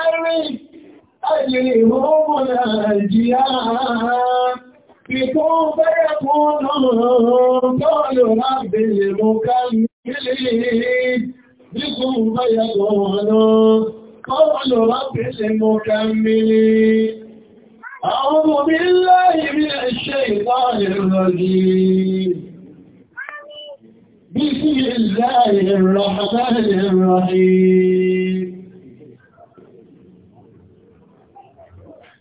شر أجرمنا الجياع لطوف يكون قول رب المكملين لطوف يكون قول رب المكملين أعوذ بالله من الشيطان الرجيم بسم الله الرحمن الرحيم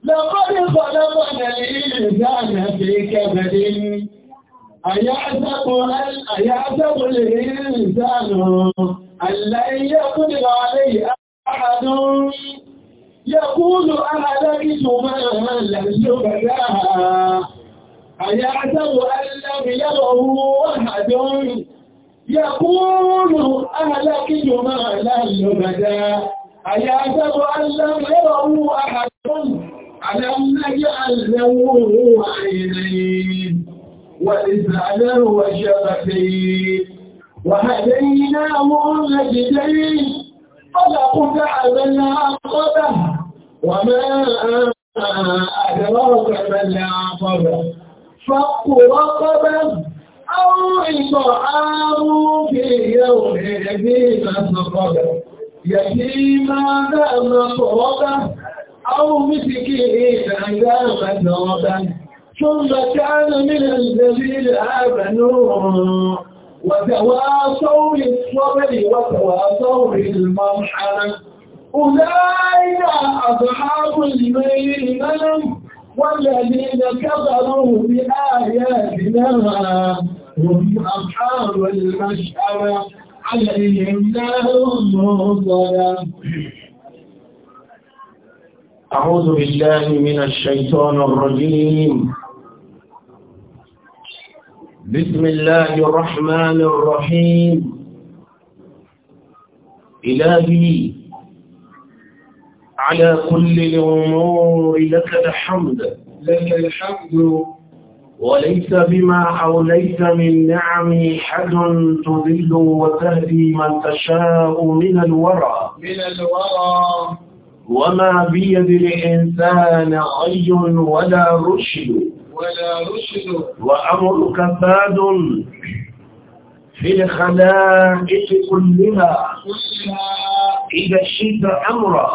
لقد خلقنا الإنسان في كبد أيحسب الإنسان أن لن يقدر عليه أحد يقول أهلكت مالا زبدا أيحسب أن لم يره أحد يقول أهلكت مالا زبدا أيحسب أن لم يره أحد ألم نجعل له عينين ولسانا وشفتين وهديناه النجدين فلقطع عقبة وما أدراك من العقبة فق رقبة أو إطعام في يوم ذي مسقبة يتيما ذا مقربة أو مسكيه فأنجام ذنبا ثم كان من الذين آمنوا وتواصوا بالصبر وتواصوا بالمرحلة أولئك أصحاب الميمنة والذين كفروا بآياتنا هم أصحاب المشأمة عليهم نار مظلم أعوذ بالله من الشيطان الرجيم بسم الله الرحمن الرحيم إلهي على كل الأمور لك الحمد لك الحمد وليس بما أو ليس من نعمي حد تذل وتهدي من تشاء من الورى من الورى وما بيد الإنسان عي ولا رشد ولا رشد وأمرك فاد في الخلائق كلها إذا شئت أمرا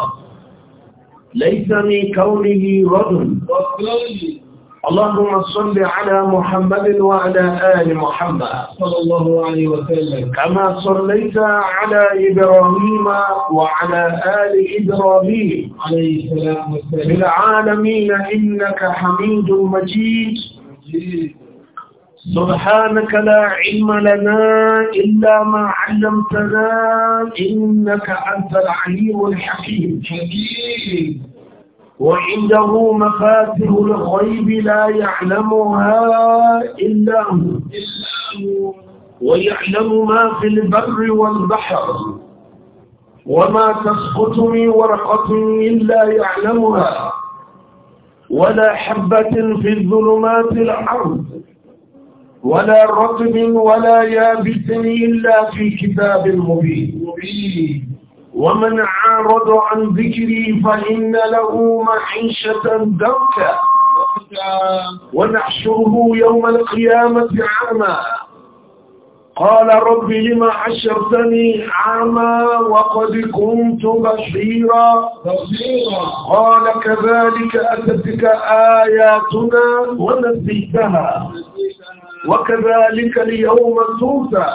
ليس من كونه رجل اللهم صل على محمد وعلى آل محمد صلى الله عليه وسلم كما صليت على إبراهيم وعلى آل إبراهيم عليه السلام والسلام للعالمين إنك حميد مجيد سبحانك لا علم لنا إلا ما علمتنا إنك أنت العليم الحكيم حكيم وعنده مفاتح الغيب لا يعلمها إلا هو ويعلم ما في البر والبحر وما تسقط من ورقة إلا يعلمها ولا حبة في الظلمات الأرض ولا رطب ولا يابس إلا في كتاب مبين ومن عارض عن ذكري فإن له معيشة دركا ونحشره يوم القيامة عاما قال رب لما حشرتني عاما وقد كنت بشيرا قال كذلك أتتك آياتنا ونسيتها وكذلك اليوم تنسى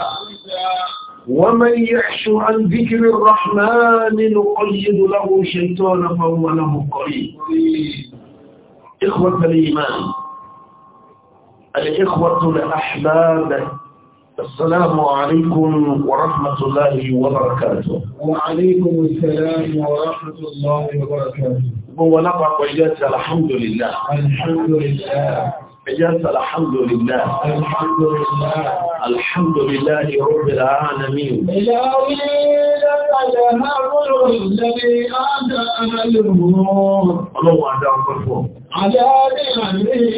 ومن يعش عن ذكر الرحمن نقيد له شيطانا فهو له قريب إخوة الإيمان الإخوة الأحباب السلام عليكم ورحمة الله وبركاته وعليكم السلام ورحمة الله وبركاته هو قيادة الحمد لله الحمد لله إجاز الحمد لله الحمد لله الحمد لله رب العالمين Ọlọ́run àdá ọkọ̀ fún. Àdáàrí àrí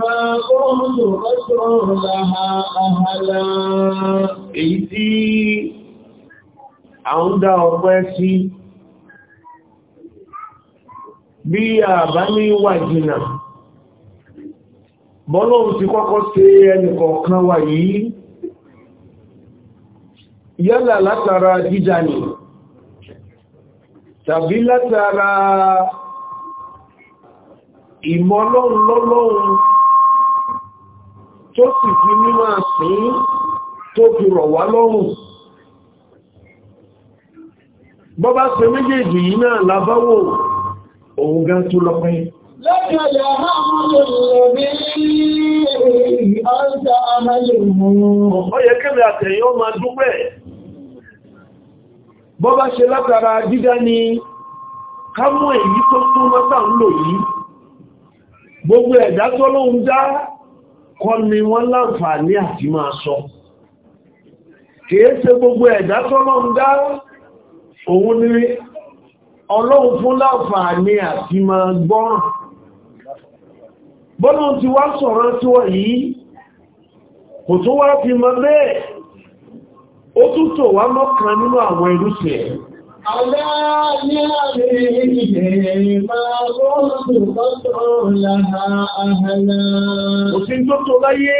máa kọ́ọ̀lù ọ̀sọ̀rọ̀ láha àhàlá. Èyí tí àwọn dá ọpẹ́ sí bí àbá ní wà jìnà bọ́lọ́run ti kọ́kọ́ ṣe ẹnìkọ̀ọ̀kan wa yìí yálà látara jíjà ni tàbí látara ìmọ́lọ́run lọ́lọ́run tó sì fi mímọ̀ sí tó fi rọ̀ wá lọ́rùn bọ́bá ṣe méjèèjì yìí náà lábáwò òun gan tó lọ́pẹ́ لك الحمد الذي أنت أمل Ó yẹ kí àtẹ̀yìn ọmọ dúpẹ́. Bọ́ bá ṣe látara dídá ni ká mú èyí tó tún mọ́ta ń lò yìí. Gbogbo ẹ̀dá tó lóhun dá kọ́ ni wọ́n láǹfààní àti máa sọ. Kìí ṣe gbogbo ẹ̀dá tó lóhun dá òun ni ọlọ́run fún láǹfààní àti máa gbọ́ràn bọ́lọ̀ ti wá sọ̀rọ̀ tí wọ́n yìí kò tó wá fi mọ́ bẹ́ẹ̀ ó tún tò wá mọ́kàn nínú àwọn irúsẹ̀ Òsìn tó tó láyé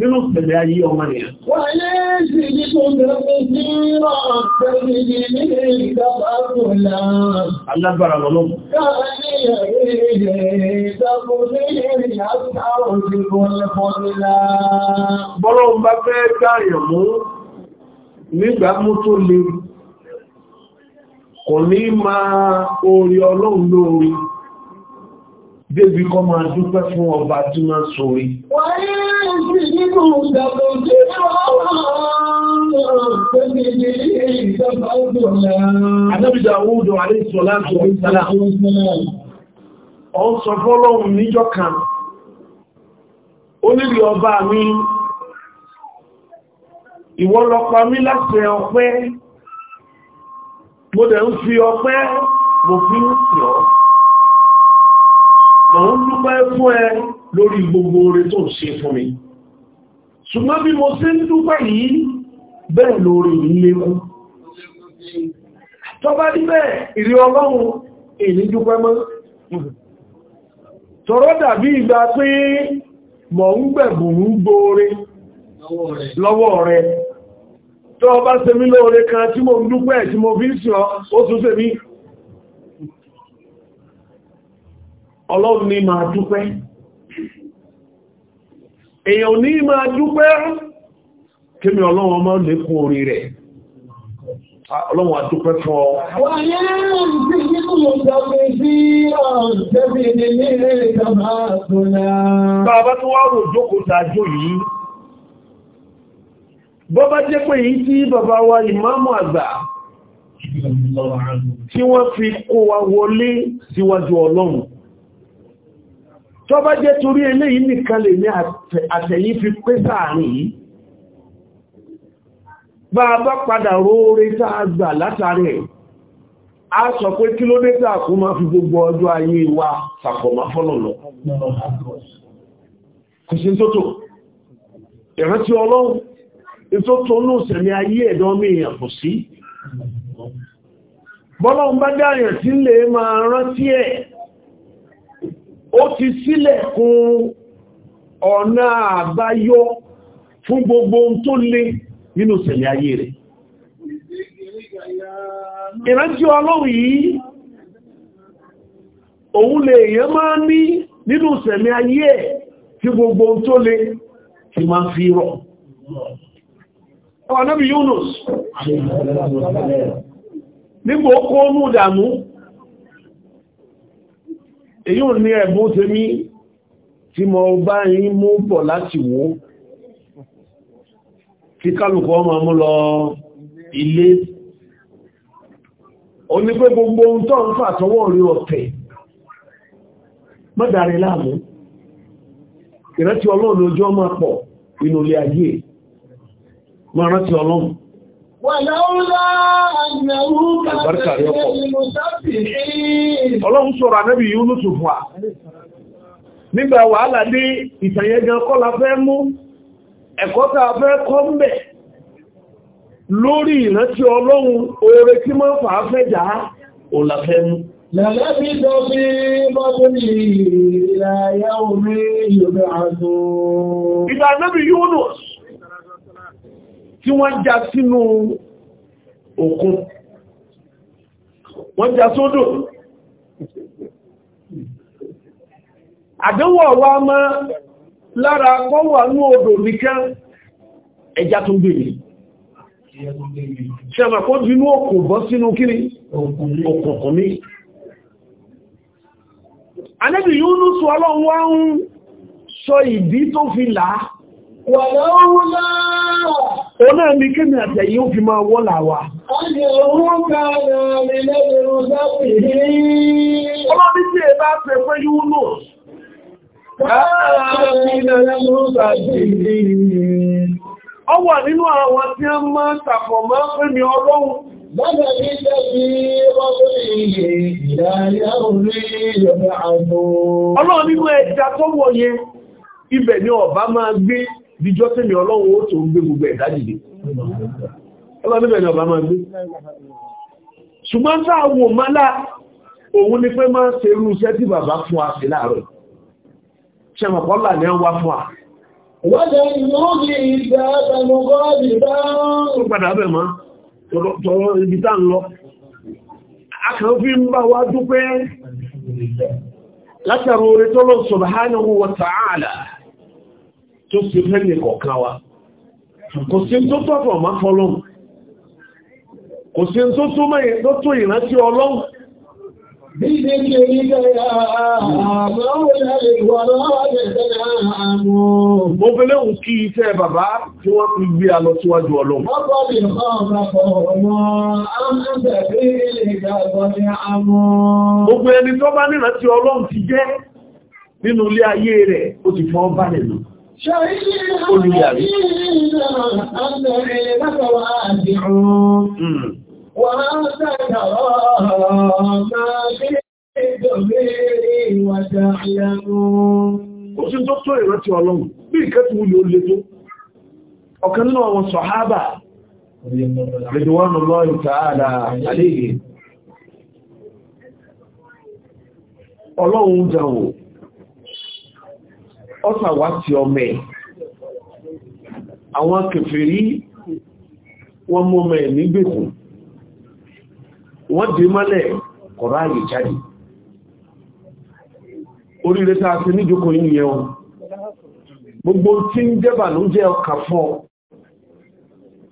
nínú ìpẹ̀lẹ̀ ayé ọmọ nìyàn. Wà ní ṣì ní kò gẹ́gẹ́ sí ọ̀pẹ́ ìdí ní ìdábàtòlá. Alágbára lọ́lọ́. Káàní ẹ̀rẹ́ ìdábòlé ìrìn àtàrò ìgbọ̀lẹ̀fọ́lá. Bọ́lọ́ bá fẹ́ káàyàn mú nígbà mú tó le, kò ní máa orí ọlọ́run lórí. Débi kọ́ máa dúpẹ́ fún ọba tí máa sórí. Wọ́n sí nínú ìdàgbòjò Àdábìdà Òwúdó Àríṣọ́ láti Òwúdó Ọ̀n sọ fọ́lọ́run níjọ́ kan, ó nílì ọba mi, ìwọ ló pa mí láti ọpẹ́, mo dẹ̀ ń fi ọpẹ́, mo fi ń pè ọ́. Mọ̀ ń dúpẹ́ fún ẹ lórí gbogbo oore tó ń ṣe fún mi. ṣùgbọ́n bí mo sí ń dúpẹ́ yìí bẹ́ẹ̀ lórí ìlékún tó bá dí bẹ́ẹ̀ ìrí ọlọ́run èyí dúpẹ́ mọ́ tọrọ dàbí ìgbà pé mọ̀ ń gbẹ̀bùn ń gbóore lọ́wọ́ rẹ̀ tó bá ṣe mí lóore kan tí mo ń dúpẹ́ tí mo fi ń sọ ó ọlọ́run ni màá dúpẹ́ èèyàn ní ma dúpẹ́ kémi ọlọ́wọ́n máa lékún orí rẹ̀ ọlọ́wọ́n àdúpẹ́ fún ọ Bàbá tó wá rò jókòó tàjò yìí, bọ́ bá jẹ́ pé yìí tí bàbá wa ìmáàmù àgbà tí wọ́n fi kó wa wọlé síwájú ọlọ́run tó bá jẹ́ torí eléyìí nìkan lè ní àtẹ̀yí fi pé sáàrin yìí bá a bá padà róore tá a gbà látàrí ẹ̀ a sọ pé kí ló dé tá a kó máa fi gbogbo ọjọ́ ayé wa sàkọ̀má fọ́lọ̀lọ̀ kò sí tótò ìrántí ọlọ́run ìtótò ní òsẹ̀lẹ̀ ayé ẹ̀dọ́ mìíràn kò sí bọ́lọ́run bá dáyàn tí lè máa rántí ẹ̀ ó ti sílẹ̀ kún ọ̀nà àbáyọ fún gbogbo ohun tó lé nínú sẹ̀lẹ̀ ayé rẹ̀ ìrántí ọlọ́run yìí òun lè èèyàn máa ní nínú sẹ̀mí ayé ẹ̀ tí gbogbo tó lè ti máa fi rọ̀. ọ̀nàbí Yunus nígbò kó mú dàmú èyí ò ní ẹ̀bùn tèmi tí mo bá yín mú bọ̀ láti wó kí kálùkù ọmọ mú lọ ilé o ní pé gbogbo ohun tó ń fà sọ́wọ́ orí ọ̀tẹ̀ mọ́dàrí láàmú ìrántí ọlọ́run ojú ọmọ pọ̀ inú ilé ayé mọ́ rántí ọlọ́run Ọlọ́run sọ̀rọ̀ ànẹ́bì yìí ló tún fún wa. Nígbà wàhálà dé ìtànyẹ́gan kọ́ la fẹ́ mú, ẹ̀kọ́ tá a fẹ́ kọ́ mẹ́ lórí ìrántí Ọlọ́run oore tí mọ́ fà á fẹ́ jà á, ò la fẹ́ mú. Lẹ́lẹ́bí tó bí mọ́tún tí wọ́n já sínú òkun wọ́n já sódò àdánwò wa mọ́ lára kọ́wà ní odò nìkan ẹja tó gbèrè ṣe àmà kó dínú òkun bọ́ sínú kíni òkùnkùn ní anẹ́bì yóò ní sọ ọlọ́run wá ń sọ ìdí tó fi làá wà lọ́wọ́ Òun náà ni kí ni àtẹ̀yí ó fi máa wọ́là wa. Ọmọ bí tí èbá pè pé yíó nù. Ọ wà nínú àwọn tí a máa ń tàpọ̀ máa ń pè ní ọlọ́run. Bọ́dà bí tẹ́bí ọdún ìyè ìdáyà orí ọ̀dọ̀ àbò. Ọlọ́run nínú ẹja tó wọ̀nyẹ, ibẹ̀ ni ọba máa gbé bíjọ́ tèmi ọlọ́run ó tó ń gbé gbogbo ẹ̀dá dìde ọlọ́nibẹ̀ ni ọba máa gbé ṣùgbọ́n tá àwọn òmálà òun ni pé máa ṣe irú iṣẹ́ tí bàbá fún wa sí láàárọ̀ ṣẹmọ̀kọ́là ni wá fún wa Wọ́dẹ̀ ìmọ́gì ìgbà àtàmọ́gọ́ ìgbà ó padà bẹ̀ máa tọrọ ibi tá ń lọ. A kàn fi subhanahu wa ta'ala tó ṣe lẹ́nì kọ̀ọ̀kan wa kò sí tó tọ́tọ̀ má fọ́lọ́m kò sí tó tó mẹ́yìn tó tó ìrántí ọlọ́run Mo fi léhùn kí iṣẹ́ bàbá tí wọ́n fi gbé a lọ síwájú ọlọ́run. Gbogbo nínú ilé ayé rẹ̀, ó ti fọ́ bá nìlú olùyàrí. Wọ́n á sẹ́kọ̀ọ́ máa bí ìdòmí ìwàdà ìyàmú. Ó sì tó tó ìrántí ọlọ́run bí ìkẹ́tù wúlò lè tó. Ọ̀kan nínú àwọn sọ̀hábà, Ridwanullahi ta'ala alayhi. Ọlọ́run jẹ́ ọ́sà wá ti ọmọ ẹ̀ àwọn kèfèrí wọ́n mú ọmọ ẹ̀ nígbèkùn wọ́n dé mọ́lẹ̀ kọ̀rọ̀ àyè jáde oríire tá a ti níjókòó yìí yẹn o gbogbo tí ń jẹ́bà ló jẹ́ ọkà fọ́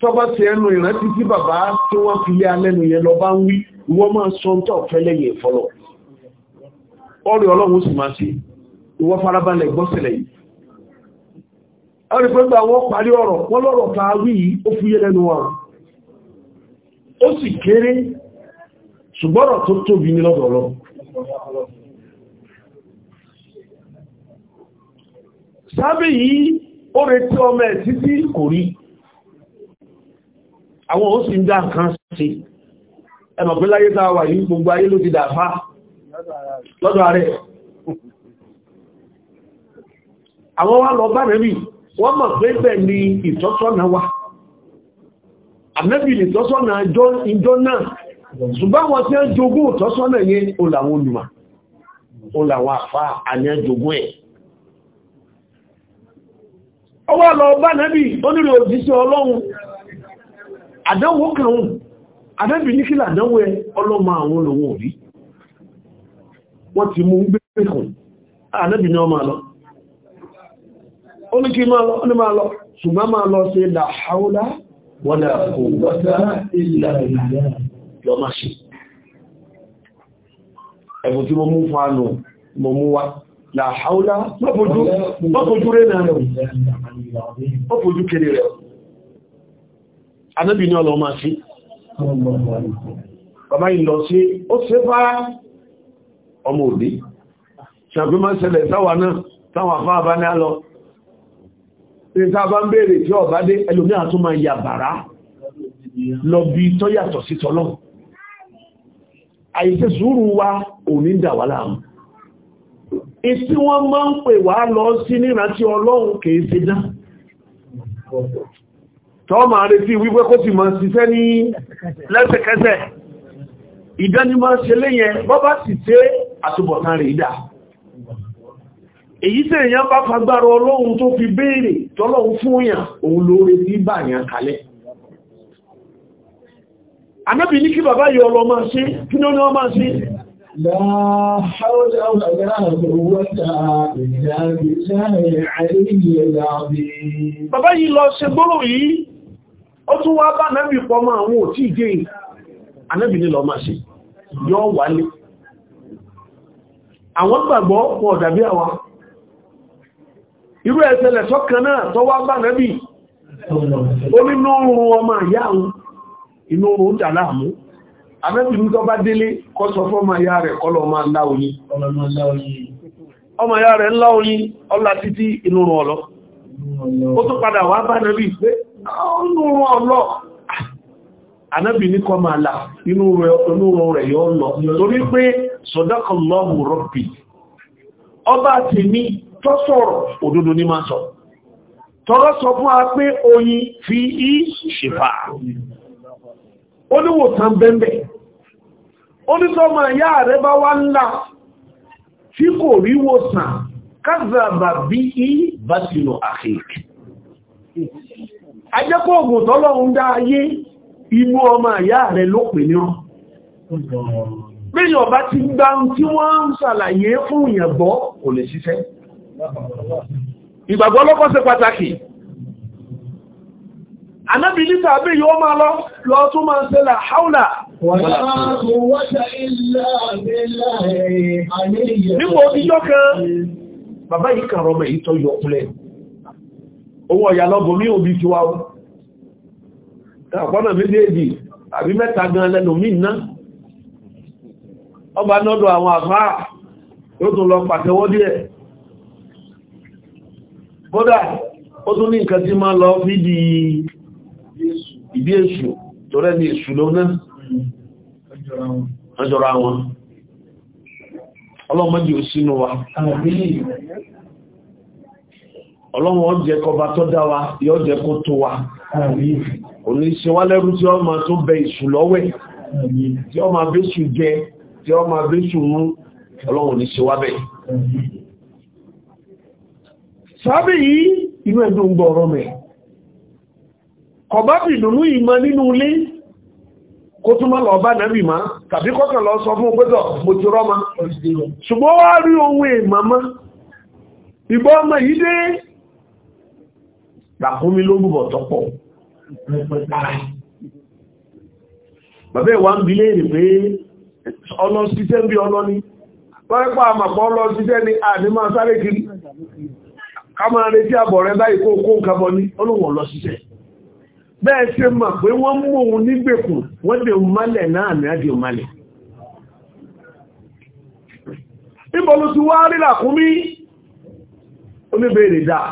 tọ́bá ti ẹnu ìrántí tí bàbá tí wọ́n fi lé alẹ́nu yẹn lọ bá ń wí ìwọ́n máa sọ ń tọ́ fẹ́lẹ́yìn ìfọ́lọ̀ ọ̀rẹ́ ọlọ́run sì máa ṣe ìwọ farabalẹ̀ gbọ́sẹ̀lẹ̀ yìí ọ̀rẹ́ pẹ́gbà wọ́n parí ọ̀rọ̀ wọ́n lọ́rọ̀ ta wí ó fúyẹ́ lẹ́nu wọn ó sì kéré ṣùgbọ́rọ̀ tó tóbi ní lọ́dọ̀ọ́lọ́ sábẹ̀ yìí ó retí ọmọ ẹ̀ títí kò rí àwọn ó sì ń dá nǹkan sí ẹmọ̀ pé láyé tá a wà yìí gbogbo ayé ló ti dà fá lọ́dọ̀ ààrẹ àwọn wá lọ bá nẹ́bì wọ́n mọ̀ pé bẹ̀ ni ìtọ́sọ́nà wa ànẹ́bì ìtọ́sọ́nà ìjọ náà ṣùgbọ́n wọn tí ó jogún ìtọ́sọ́nà yẹn ó làwọn olùmọ̀ ó làwọn àfá àní ẹjogún ẹ̀ ó wá lọ bá nẹ́bì onírò òjíṣẹ́ ọlọ́run àdánwò kan ànẹ́bì ní kí làdánwò ẹ ọlọ́mọ àwọn olówó rí wọ́n ti mú gbé kan ànẹ́bì ní ọmọ lọ ó ní kí máa lọ ó ní máa lọ ṣùgbọ́n máa lọ sí la haula wala quwwata illa billah lọ máa ṣe ẹ̀bùn tí mo mú fún àánú mo mú wá la haula mọ́fojú rẹ̀ náà rẹ̀ mọ́fojú kéré rẹ̀ anábì ní ọlọ́mà sí máa ṣẹlẹ̀ sáwà náà sáwà fáà bá ní àlọ́ ìta bá ń bèèrè tí ọ̀bá dé ẹlòmí àtún máa yà bàrá lọ bí tọ́ yàtọ̀ sí tọ́lọ́ àìsẹ́ sùúrù wa ò ní dà wà láàmú ìsí wọ́n máa ń pè wá lọ sí nírántí ọlọ́run kìí ṣe dá tọ́ máa retí wípé kó ti máa ṣiṣẹ́ ní lẹ́sẹ̀kẹsẹ̀ ìdánimọ̀ èyí tẹ́ èyàn bá fagbára ọlọ́run tó fi béèrè tọ́lọ́run fún èyàn òun lóore tí bà yàn kalẹ̀ anábì ní kí bàbá yọ ọlọ máa ṣe kí ní ó máa ṣe bàbá yìí lọ ṣe gbọ́rọ̀ yìí ó tún wá bá anábì pọ̀ mọ́ àwọn òtí ìdí anábì ní lọ máa ṣe yọ wálé àwọn gbàgbọ́ pọ̀ dàbí àwọn irú ẹ̀sẹ̀lẹ̀ sọ́kàn náà tó wá bá nẹ́bì ó ní ọmọ ìyá àwọn inú oòrùn dà láàmú abẹ́bì ní tó bá délé kọ́ sọ ìyá rẹ̀ kọ́lọ ọmọ ńlá oyin ọlá títí inú ọlọ́ ó tó padà wá bá nẹ́bì pé ah, ní kọ́ máa inú rẹ̀ torí pé tó sọ̀rọ̀ òdodo ní máa sọ tọ́rọ sọ fún a pé oyin fi í ṣèfà oníwòsàn bẹ́m̀bẹ̀ onísọ́mọ̀ ìyá rẹ̀ bá wá ńlá tí kò rí wòsàn kázàbà bí i bá ti lọ àkèèkì ajẹ́kọ́ ògùn tọ́lọ ń dá ayé inú ọmọ ìyá rẹ̀ ló pè ní ọ́ Béèyàn bá ti gbá tí wọ́n ń ṣàlàyé fún ìyànbọ́ kò lè ṣiṣẹ́. ìgbàgbọ́ lọ́kọ́ ṣe pàtàkì anábì níta bí yóò máa lọ lọ tún máa ń ṣe là haúlà nígbò ìjọ kan bàbá yìí kàrọ mẹ́ èyí yọ ọkùnlẹ̀ owó ọ̀yà mí òbí wá ọ̀pọ̀nà méjèèjì àbí mẹ́ta gan lẹ́nu mí ná ọba nọ́dọ̀ àwọn àfáà tún lọ díẹ̀ bódà ó tún ní nǹkan tí ma lọ fídí ìdí èṣù tó rẹ̀ ní èṣù ló náà ọjọ́ra wọn ọlọ́mọdé ò sínú wa ọlọ́wọ́ jẹ́ kọba tó dá wa yóò jẹ́ kó tó wa òní ṣe wá lẹ́rú tí ó máa tó bẹ ìṣù lọ́wẹ́ tí ó máa bẹ́ṣù jẹ tí ó máa bẹ́ṣù mú ní ṣe wá sàábì yìí inú ẹ̀dùn gbọ́ ọ̀rọ̀ mẹ́ kọ̀bá bìdùnú ìmọ̀ nínú ilé kó túnmọ́ lọ bá tabi má tàbí kọ́kàn lọ sọ fún wa mo ti rọ́mà ṣùgbọ́n wá rí ohun èèmàmá ìbọ́ ọmọ yìí dé làkúnmí ló tọ́pọ̀ bàbá ìwà ń bilé rè pé ọlọ́síṣẹ́ bí ni kàmọ́ retí àbọ̀ rẹ báyìí kó kó nǹkan ní olóhùn lọ síṣẹ́ bẹ́ẹ̀ ṣe mọ̀ pé wọ́n mú òun nígbèkùn wọ́n dè mọ́lẹ̀ náà ní àdì òmálẹ̀ ìbọ̀lù ti wá rí làkúnmí oníbèèrè dáa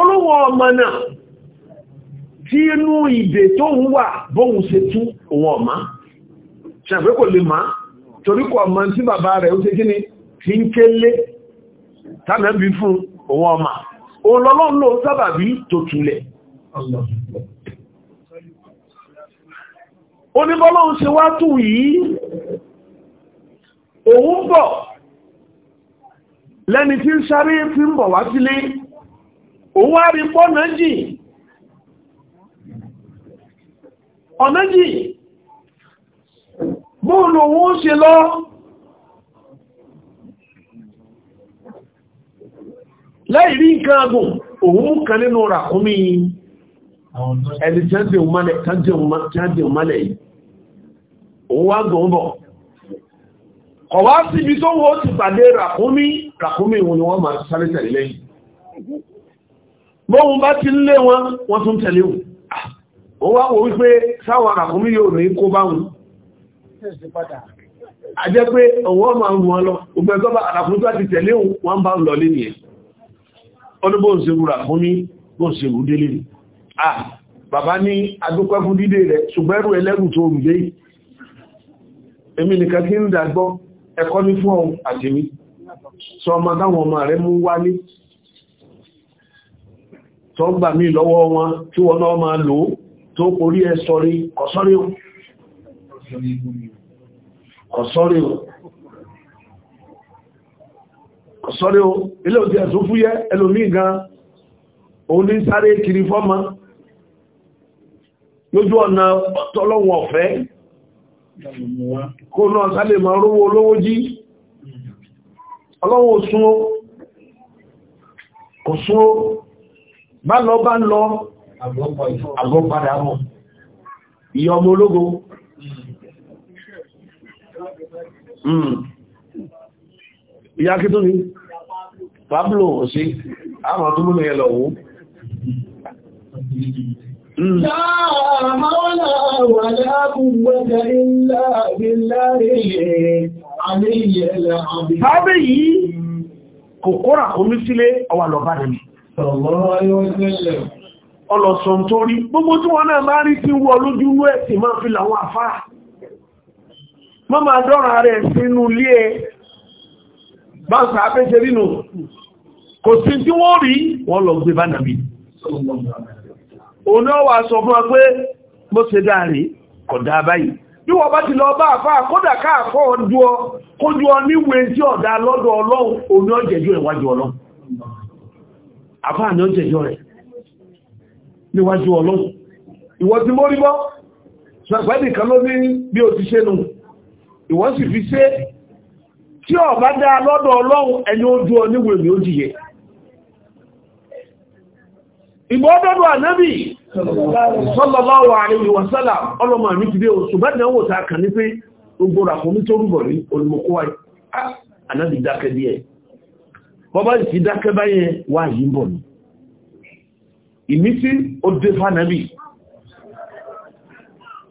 ọmọ náà tí inú ìdè tó ń wà bóhun ṣe òun lè torí tí ń kélé tánàbí fún òun ọmọ òun lọ́lọ́n ló sábàbí tó túlẹ̀ oníbọ́lọ́un ṣe wá tù yìí òun bọ̀ lẹ́ni tí ń sáré fi ń bọ̀ wá sílé òun wá rí pọ́nà jì ọ̀nà jì bóòlù òun ṣe lọ́ọ́ láì rí nǹkan agùn òun kan nínú ràkúnmí ẹni tí a dẹ̀un mọ́lẹ̀ yìí òun wá gùn bọ̀ kọ̀wá síbi tó wọ́n ti pàdé ràkúnmí ràkúnmí òun ni wọ́n máa sáré tẹ̀lé lẹ́yìn bóhun bá ti lé wọn wọ́n tún tẹ̀lé òun wọ́n wá wò wípé sáwọn ràkúnmí yóò ní kó bá wọn a jẹ́ pé òun wọ́n máa rùn lọ ògbẹ́gbẹ́ ràkúnmí tó ti tẹ̀lé òun bá ń lọ lé ọdún bóò ṣe wúra fún ní bóò délé rí ah bàbá ní adúpẹ́ fún dídé rẹ̀ ṣùgbẹ́rù ẹlẹ́rù tó rù dé èmi nìkan kí ń dàgbọ́ ẹ̀kọ́ ní fún ọ̀hún àtìmí sọ ọmọ táwọn ọmọ rẹ̀ mú wálé tó gbà mí lọ́wọ́ wọn tí wọn náà máa lò tó orí ẹ sọrí kọ̀sọ́rí sọ́rí o ilé òtí ẹ̀sùn fúyẹ́ ẹlòmí gan òun ní sáré kiri fọ́mọ lójú ọ̀nà tọ́lọ́wọ̀n ọ̀fẹ́ kó náà sáré ma rówó olówó jí ọlọ́wọ́ sún ó kò sún ó bá lọ bá lọ àgbọ́padà mọ̀ ọmọ ológo hmm. ìyá kí tó ní pablo òsí àwọn tó múlò yẹ lọ wó hmm. Tábí yìí kò kóra omi sílé ọwà lọ́bá rẹ̀ mi. Ọlọ̀sàn tó rí, gbogbo tí wọ́n náà máa rí tí wọ́ lójú rẹ̀ tí máa fi làwọn àfáà. Mọ́ máa dọ́ra rẹ̀ sínú ilé ẹ bá ń sàá pé ṣe rínú kò sí tí wọ́n rí wọ́n lọ gbé bá nàbí òun náà wà sọ fún wa pé mo ṣe dáàrí kò dáa báyìí bí wọ́n bá ti lọ bá àfá kódà káàkọ́ kójú ọ níwé tí ọ̀dá lọ́dọ̀ ọlọ́run òun ọjẹ́jọ́ ìwájú ọlọ́run ni ọjẹ́jọ́ rẹ̀ níwájú ọlọ́run ìwọ ti mórí bọ́ ṣàgbẹ́nìkan ló tí ó bá dá lọ́dọ̀ ọlọ́run ẹni ojú ọ níwò èmì ó jìyẹ ìgbọ́dọ̀dọ̀ ànábì sallallahu alaihi wasallam ọlọ́mọ àmì ti dé oṣù bẹ́ẹ̀ wò ta kàn ní pé gbogbo rà fún nítorí bọ̀ ní olùmọ̀kọ́wà ah, ànábì dákẹ́ díẹ̀ bọ́bá ìsì ìmísí ó dé fánàbì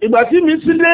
ìgbà tí mi sí dé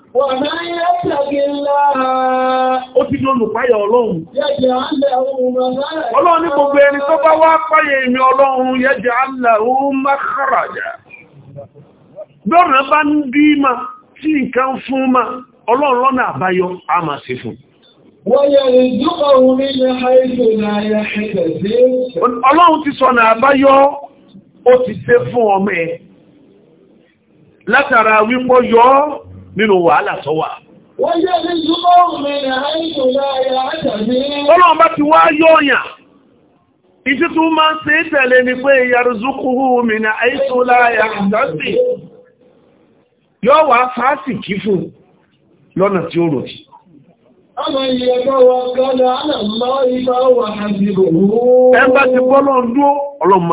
ومن يتق ọlọ́run. Ọlọ́run ní gbogbo ẹni tó bá wá páyà èmi ọlọ́run yẹ́jẹ̀ aláhù mákàràjà. Lọ́nà bá ń bí ma tí nǹkan fún ma, ọlọ́run lọ́nà àbáyọ a máa fún. Ọlọ́run ti na àbáyọ, ó ti ṣe fún ọmọ ẹ. Látara wípọ́ yọ́ nínú wàhálà tó wà. Ọlọ́run bá ti wá na máa ń ṣe tẹ̀lé ni pé ìyàrùzúkúhù mi ní àìsù láyà ìdásí. Yọ́ wà fásì kí fún lọ́nà tí ó rò sí. Ẹgbà ti bọ́lọ̀ ń dúó, ọlọ́run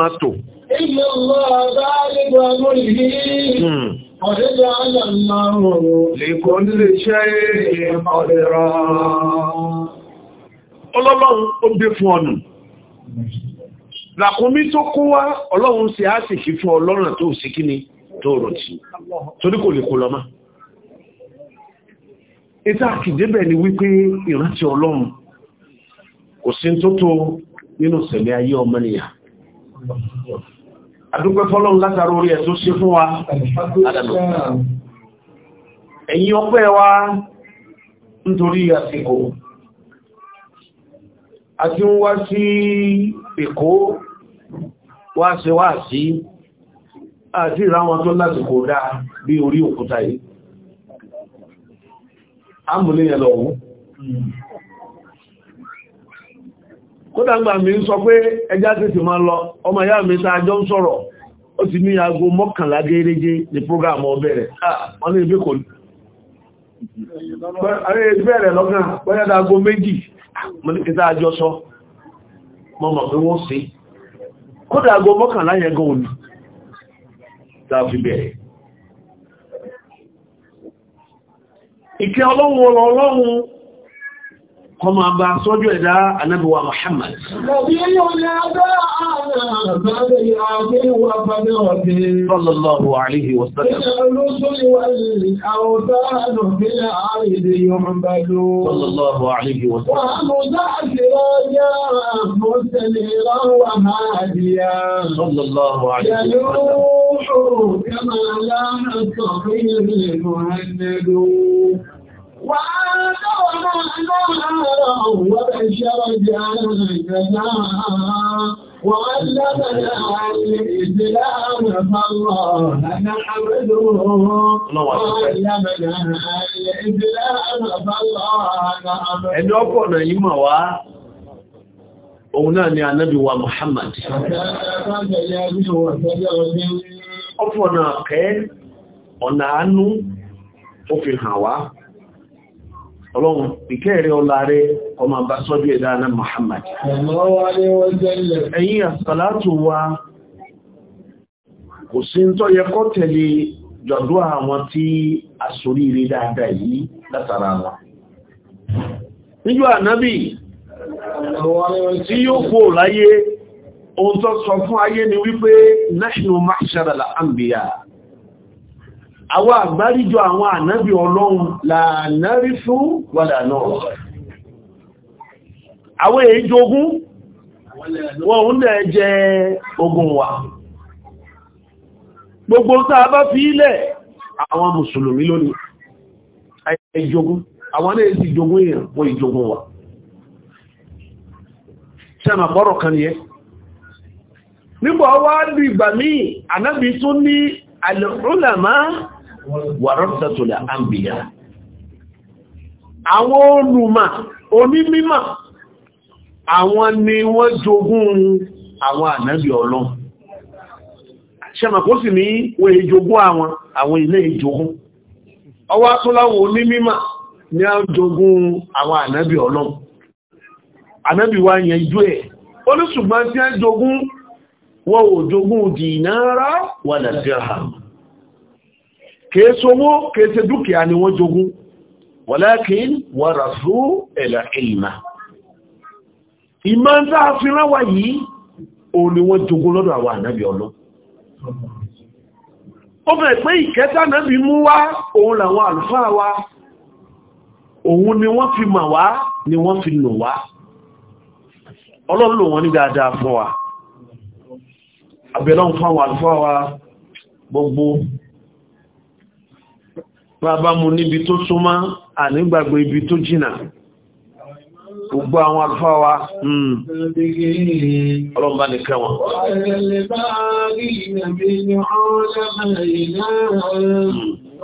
قد جعل ó gbé fún ọ̀nà. Làkúnmí tó kó wá ọlọ́run sí á sì kí fún ọlọ́run tó kí ni Torí kò lè àkìdébẹ̀ ni wípé ìrántí ọlọ́run kò ayé adúpẹ́ fọ́lọ́n látàrí orí ẹ̀ tó ṣe fún wa adàlù ẹ̀yìn ọpẹ́ wa nítorí àsìkò àti ń wá sí Èkó wá ṣe wá sí àti ìráwọn tó lásìkò dáa bí orí òkúta yìí á múlé yẹn lọ́wọ́ kódàgbà mi ń sọ pé ẹjá tètè máa lọ ọmọ ìyá mi tá a jọ ń sọ̀rọ̀ ó ti ní aago mọ́kànlá gẹ́rẹ́gẹ́ ní prógrámù ọbẹ̀rẹ̀ ah, wọ́n ní ibi kò ní bẹ̀rẹ̀ lọ́gán bọ́yá méjì ah, ìkẹ́ ọlọ́run ọlọ́run kọmọ bá sọ́jọ́ ẹ̀dá anábíwa Muhammad. Sallallahu alaihi wasallam. Sallallahu alaihi wasallam. Sallallahu alaihi wasallam. وبشر جعلنا وعلمنا عن الإسلام فالله نحمده وعلمنا عن الإسلام فالله نحمده ẹni ọkọ̀ ọ̀nà yìí mọ̀ wá òun náà ni ànábì wa Muhammad ọ̀fọ̀nà kẹ́ ọ̀nà àánú ó fi hàn wá ọlọ́run ìkẹ́ẹ̀rẹ́ ọlá rẹ̀ ọmọ bá sọ́jú ẹ̀dá náà Muhammad ẹ̀yìn àsàlátù wa kò sí ń tọ́ yẹ kọ́ tẹ̀lé jọ̀dọ́ àwọn tí a sorí rí dáadáa yìí látara wọn níjọ́ ànábì tí yóò kó láyé ohun tó sọ fún ayé ni wípé national marshal al àwọn àgbáríjọ àwọn ànábì ọlọ́run lànárí fún wàdà náà àwọn èjì ogun wọn ń lẹ́ jẹ ogun wa gbogbo tàà bá fi ilẹ̀ àwọn mùsùlùmí lónìí àìjogún àwọn náà ti jogún èèyàn wọ́n ìjogún wa sẹ́mà bọ́rọ̀ kan yẹ nígbà wá dìgbà míì ànábì tún ní al wàrọ́sẹ̀tòlà àmbìyà àwọn olùmọ̀ onímímọ̀ àwọn ni wọ́n jogún àwọn ànábì ọlọ́n ṣẹ́màkó sì ní wọ́n ìjogún àwọn àwọn ilé ìjogún ọwá tó láwọn onímímọ̀ ni a jogún àwọn ànábì ọlọ́n ànábì wá yẹn jú ẹ̀ oníṣùgbọ́n tí a jogún wọ́n ò jogún dìnára wà dàdírhàmù kìí sówó kìí ṣe dúkìá ni wọ́n jogún walakin warasu al-ilma ìmọ̀ ń tàà fi rán wa yìí o ni wọ́n jogún lọ́dọ̀ àwọn ànábì ọlọ́ ó fẹ́ pé ìkẹta náàbì mú wá òun làwọn àlùfáà wa òun ni wọ́n fi mà wá ni wọ́n fi nù wá ọlọ́run lò wọ́n ní bàbá mú níbi tó súnmọ́ ànígbàgbé ibi tó jìnà gbogbo àwọn àlùfáà wa hmm, ọlọ́mbà nìkẹ́ wọn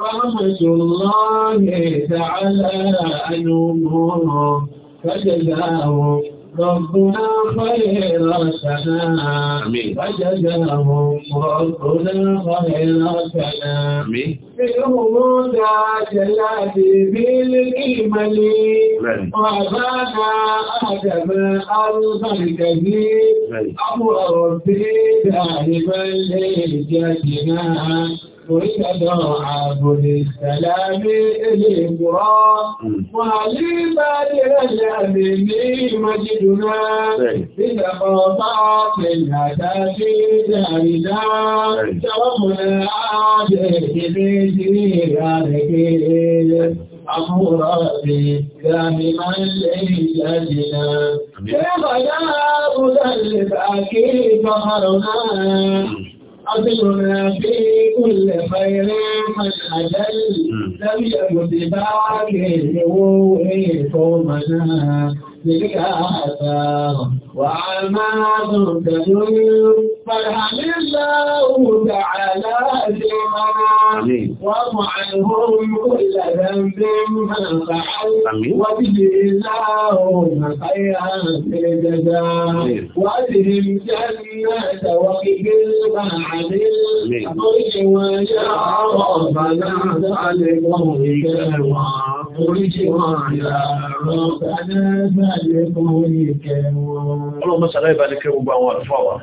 Rahmatullahi ta'ala anuhu, fajazahu ربنا خير سنا وجزاهم ربنا خير سنا منهم داجلات بالإيمان وأبانا آدم أرض الكثير أمر ربي دائما لجدنا وإلى دعاب السلام إلهمرا وعلي بادر الأمن مجدنا إذا قطعت الهدى في دارنا شرفنا عاده بزيارته أمراضي دائما لإجلنا كيف لا أذلب أكيد فخرنا أصلنا في كل خير من أجل لم يكن باكر وإيكمنا بك أثار وعماد تدل فرحم الله تعالى جمعنا ومعنهم كل ذنب من فعل وبه اللهم خيرا في الجزاء وادهم جنة وقف المعدل قل ويا ربنا ظالمه كرما قل ويا ربنا ظالمه كرما ọlọ́mọ sàrá ìbánikẹ́ gbogbo àwọn àlùfáà wa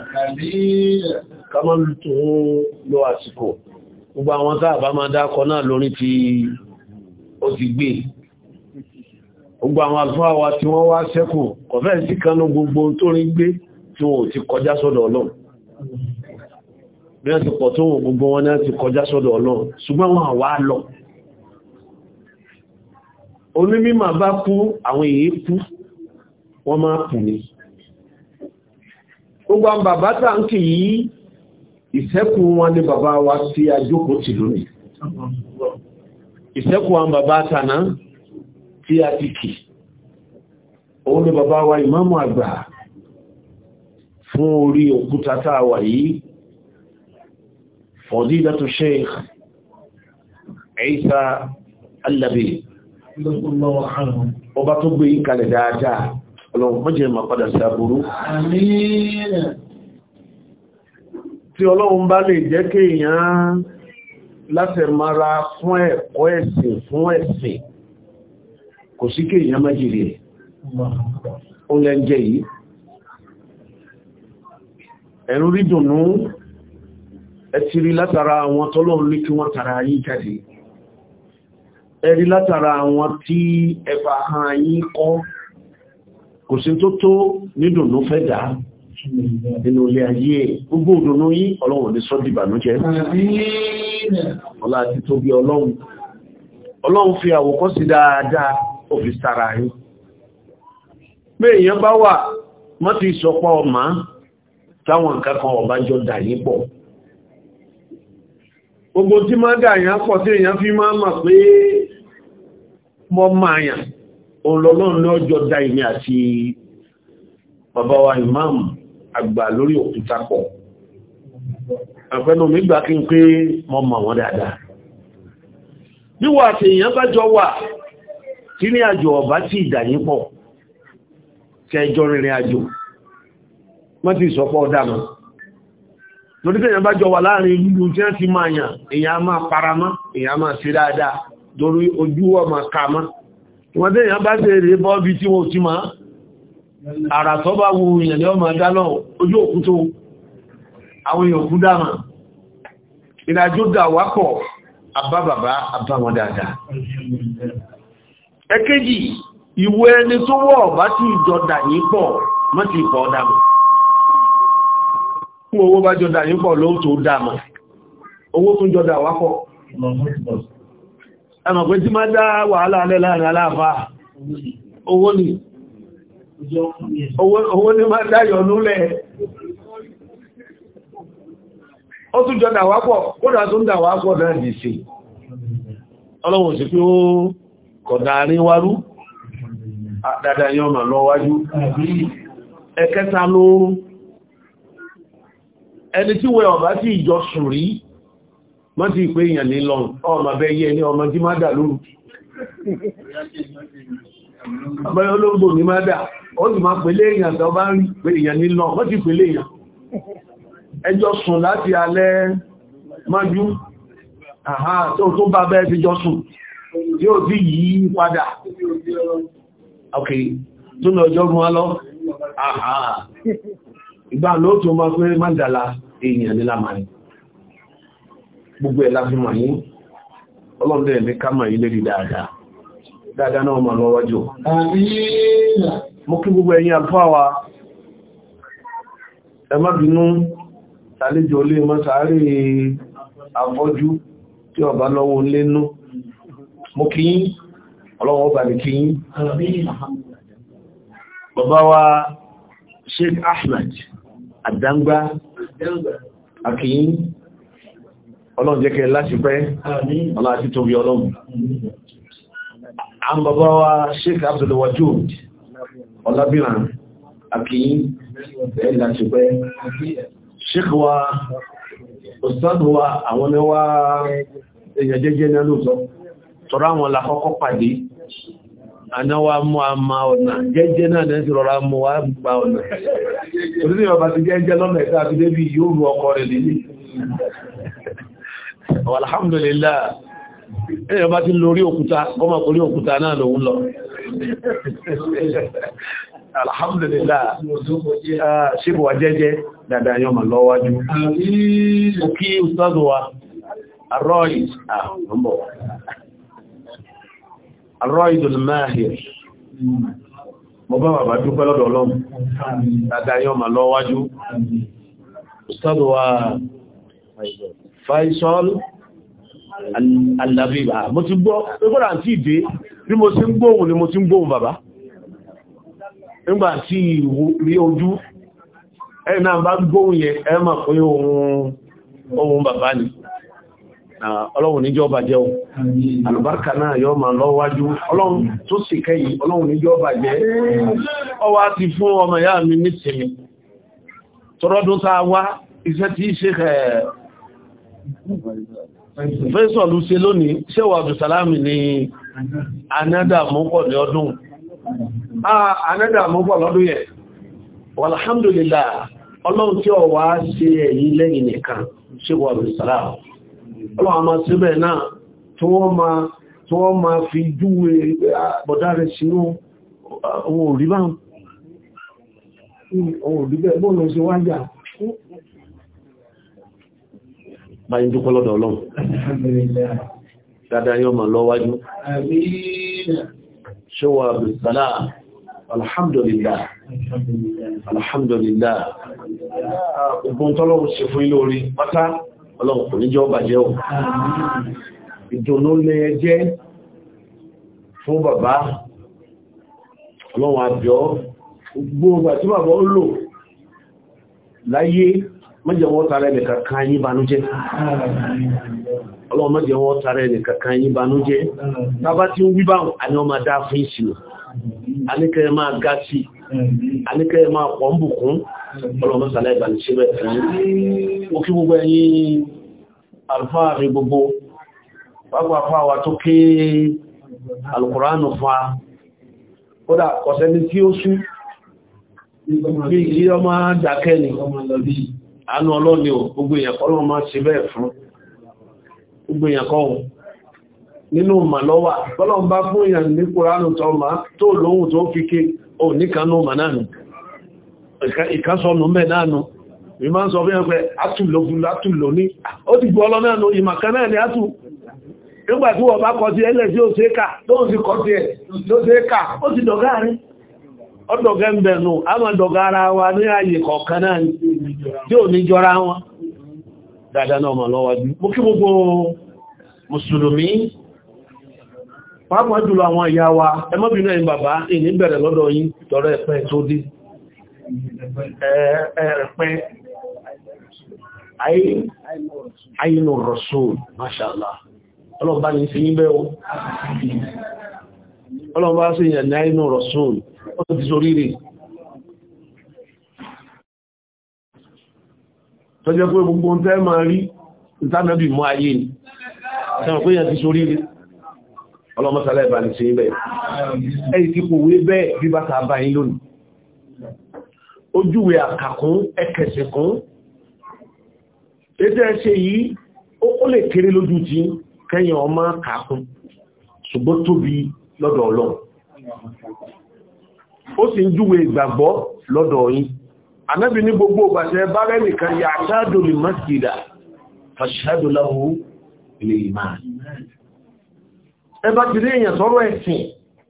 ká má ń tó lọ àsìkò gbogbo àwọn tá àbá máa dákọ náà lórí tí ó ti gbé gbogbo àwọn àlùfáà wa tí wọ́n wá sẹ́kù kọ̀fẹ́ sí kanú gbogbo tó rí gbé tí wọ́n ti kọjá sọ́dọ̀ ọlọ́run bí wọ́n ti pọ̀ tó wọ́n gbogbo wọn náà ti wọ́n máa kù ní gbogbo àwọn bàbá tá ń kì yí ìṣẹ́kù wọn ni bàbá wa tí a jókòó tì lónìí ìṣẹ́kù àwọn bàbá tàná tí a ti kì òun ni bàbá wa ìmáàmù àgbà fún orí òkúta táa wà yìí fadilatu Sheikh Isa Alabi ọba tó gbé yí dáadáa ọlọ́run mọ́jẹ́ ma padà sàbúrú tí ọlọ́run bá lè jẹ́ kí èèyàn látẹ̀mára fún ẹ̀kọ́ ẹ̀sìn fún ẹ̀sìn kò sí kí èèyàn májìlì rẹ̀ oúnjẹ jẹ́ yìí ẹ̀rù rídùnú ẹ̀tìrí látara àwọn tọ́lọ́run ní kí wọ́n tara yí jáde ẹ̀rí látara àwọn tí ẹ̀fà hàn yí kọ́ kò sí tó tó nídùnnú fẹ́ dà nínú ilé ayé gbogbo òdùnnú yí ọlọ́run ní sọ́dì ìbànújẹ́ ọlá àti tóbi ọlọ́run ọlọ́run fi àwòkọ́ sí dáadáa ó fi sára yín pé èèyàn bá wà mọ́ ti sọpọ̀ ọmọ táwọn nǹkan kan ọba jọ dà yín pọ̀ gbogbo tí máa dà yín pọ̀ tí èèyàn fi máa mọ̀ pé mọ́ máa yàn ọlọ́lọ́run náà jọ dá ìní àti bàbá wa imam àgbà lórí òkúta pọ̀. àfẹ́nu mi gbà kí n pé mọ́ mọ̀ wọ́n dáadáa níwọ̀ àti èèyàn bá jọ wà tí ní àjò ọ̀bá tí ìdàyí pọ̀ kẹjọ rìnrìn àjò wọ́n ti sọ pọ̀ dámọ́ lórí ojú ọmọ kàmọ́ ìwọ̀n tí èyàn bá ṣe èrè bọ́ tí wọ́n ti máa àrà tó bá wu ìyẹ̀lẹ́ ọmọ dálọ́ ojú òkú tó àwọn èèyàn kú dáma ìdájọ́ dà wákọ̀ àbábàbá àbáwọn dáadáa ẹ̀kejì ìwé ẹni tó wọ́ bá ti ìjọdà yìí pọ̀ mọ́ ti pọ̀ dáma owó bá jọdà yìí pọ̀ lóòtó dáma owó tún jọdà wákọ̀ ẹmọ̀ pé tí máa dá wàhálà ala láàrin aláàfà owó ni owó ni máa dá jọ dàwápọ̀ kódà tó ń dàwápọ̀ náà dì sí sí pé dada yọ ma lọ wájú ẹni tí sí ìjọ má ti pé èèyàn lè lọ ọmọ abẹ́ yẹ ní ọmọ tí má dà lóru abẹ́rẹ́ olóngbò ní má dà ó sì má pèlé èèyàn tó bá rí pé èèyàn ní lọ má ti pèlé èèyàn ẹjọ́ sùn láti alẹ́ májú àhá tó bá bẹ́ẹ̀ ti jọ sùn tí ó ti padà ok tó lọ ọjọ́ mú alọ́ àhá ìgbà lóòtò máa pé má dàlá èèyàn ní lámàrin gbogbo ẹ̀ láti mọ̀ yín ọlọ́dẹ̀ ní kámà ilé rí dáadáa dáadáa náà ma lọ́wọ́jò mú kí gbogbo ẹ̀yin àlùfáà wa ẹ má bínú àlejò olé mọ́ sàárè àfọ́jú tí ọba lọ́wọ́ lénú mú kí yín ọlọ́wọ́ ọba kí yín bàbá wa Sheikh Ahmed Adangba akíyín ọlọ́run jẹ́ kẹ láti pẹ́ ọlọ́run àti tóbi ọlọ́run àwọn bàbá wa Sheikh Abdul Wadud ọlábìrán àkíyí ẹ̀ láti pẹ́ Sheikh wa Ustadh wa àwọn mẹ́wà èyàn jẹ́jẹ́ ní ọlọ́tọ́ tọ́rọ àwọn làkọ́kọ́ pàdé ànáwà mú a ma ọ̀nà jẹ́jẹ́ náà ní ti rọra mú wá gba ọ̀nà òtítí ọba ti jẹ́jẹ́ lọ́nà ẹ̀ta àti débì yóò rú ọkọ rẹ̀ nílé alhamdulillah ẹ̀yọ̀ bá ti lórí òkúta ọmọ orí òkúta náà lòun lọ alhamdulillah ah, ṣíbò wa jẹ́jẹ́ dada yọ ma lọ́wájú òkí ustazu wa arọ́ì àmọ́ arọ́ì dùlmáhìr mo bá bàbá dúpẹ́ lọ́dọ̀ ọlọ́run dada yọ ma lọ́wájú ustazu wa Faisal alábíbà mo ti gbọ́ ẹgbọ́n àti ìdé bí mo ti ń gbóhùn ni mo ti ń gbóhùn bàbá nígbà tí rí ojú ẹ̀nà bá gbóhùn yẹn ẹ máa pín ohun bàbá ni ọlọ́run níjọ́ bàjẹ́ o alùbáríkà náà yọ́ ma lọ wájú ọlọ́run tó sì kẹ́yì ọlọ́run níjọ́ bàjẹ́ ọwá ti fún ọmọ ìyá mi nísìnyí tọrọdún tàà wá iṣẹ́ tí ṣe fẹ́sọ̀lú ṣe lónìí ṣẹ́wà abdùsàlámì ni anádà mọ́pọ̀ ní ọdún anádà mọ́pọ̀ lọ́dún yẹ alhamdulillah ọlọ́run tí ó wá ṣe èyí lẹ́yìn nìkan ṣẹ́wà abdùsàlámì ọlọ́run ma síbẹ̀ náà tí wọ́n ma fi júwe bọ̀dá rẹ̀ sínú ohun òrí bá bá ń dúpọ́ lọ́dọ̀ ọlọ́run dáadáa yóò máa lọ́wájú ṣíwọ́ àbùsàlá alhamdulillah alhamdulillah ogun tọ́lọ́run ṣe fún ilé orí pátá ọlọ́run kò ní jẹ́ ọba jẹ́ ò ìdùnnú lè jẹ́ fún bàbá ọlọ́run àbíọ́ gbogbo àti bàbá ó lò láyé mọ́jẹ̀ wọ́n tààrẹ nìkan kan yí banújẹ́ ọlọ́run mọ́jẹ̀ wọ́n tààrẹ nìkan kan yí banújẹ́ tàbá tí ń wí báhùn àní ọmọ dá fún ìṣìnà àníkẹ́ máa ga sí àníkẹ́ máa pọ̀ ń bùkún ọlọ́run sàlẹ̀ ìbànújẹ́ bẹ̀ fún ó kí gbogbo ẹ̀yin àlùfáà mi gbogbo pápápá wa tó anụ ọlọ́ni ò gbogbo èèyàn kọ́ lọ́wọ́ máa ṣe bẹ́ẹ̀ fún gbogbo èèyàn kọ́ ohun nínú mà bọ́lọ́n bá fún èèyàn ní kòránù tọ́ ma tó lóhun tó fi ké o níkanú mà nánu ìkásọ̀nù mẹ́ nánu mi máa ń sọ fún ẹgbẹ́ átùlógún ní ó ti gbọ́ ọdọ̀gẹ́ ń a máa ara wa ní ààyè kọ̀ọ̀kan náà tí ò ní jọra wọn dáadáa náà ma lọ́wọ́dú mú kí gbogbo mùsùlùmí pàápàá jùlọ àwọn ìyá wa ẹ̀yìn bàbá bẹ̀rẹ̀ lọ́dọ̀ sí ní ó ti sorí rẹ̀ tọ́jọ́ pé gbogbo ń tẹ́ máa rí ìtànàbì mọ́ ayé ni ṣẹ́wọ̀n pé yẹn ti sorí rẹ̀ ọlọ́mọ́sálẹ̀ ìbàní sí ibẹ̀ ẹ̀yí tí kò wé bẹ́ẹ̀ bí bá ta bá yín lónìí ojúwe àkàkún ẹkẹsẹ̀kún ètò ẹ̀ṣẹ̀ yìí ó lè kéré lójú tí kẹ́yìn ọmọ kàkún ṣùgbọ́n tóbi lọ́dọ̀ ọlọ́run ó sì ń júwe ìgbàgbọ́ lọ́dọ̀ yín anábì ní gbogbo ìgbàṣẹ́ bá rẹ́nìkan yà ṣáàdù lè mọ́sídà fàṣáàdù láhù ilé ìmá ẹbá ti rí èèyàn sọ́rọ̀ ẹ̀sìn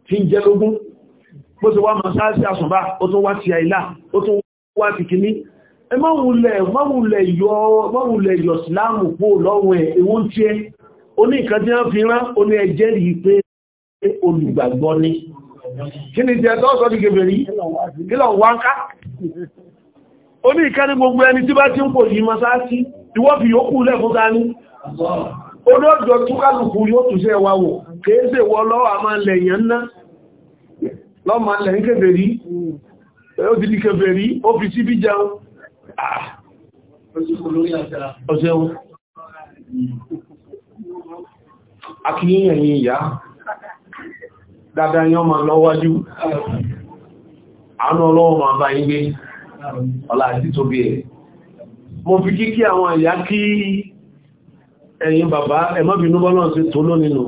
tí ń jẹ́ lógún bó ti wá mọ̀sáàsì àsùnbá ó tún wá ti àìlá ó tún wá ti kìíní ẹ máwùlẹ̀ yọ síláàmù pò lọ́rùn ẹ̀ ewu ń tiẹ́ oní ìkan tí wọ́n fi rán oní ẹjẹ́ rí pé olùgbàgbọ́ ni kí ni jẹ́ tọ́sọ́ di gẹ̀bẹ̀ rí kílọ̀ wáńká ó ní ìkẹ́ ní gbogbo ẹni tí bá ti ń pò yí masáàtí ìwọ́ fi yóò kúlẹ̀ fún ta ní olóòjò túkàlùkù yóò tún ṣe wáwò kéèsè wọ lọ́wà máa lẹ̀yàn ná lọ́mà lẹ̀yìn kẹfẹ̀ rí ó ti di kẹfẹ̀ rí ó fi síbí jẹun ah. ọ̀sẹ̀wọ̀n akíyẹ̀yìn ìyá dáadáa yán ma lọ wájú àánú ọlọ́wọ́ ma bá yín gbé ọlá àti tóbi ẹ̀ mo fi kí kí àwọn ìyá kí ẹ̀yin bàbá ẹ̀mọ́bìnú bọ́lọ́ sí tó lónìí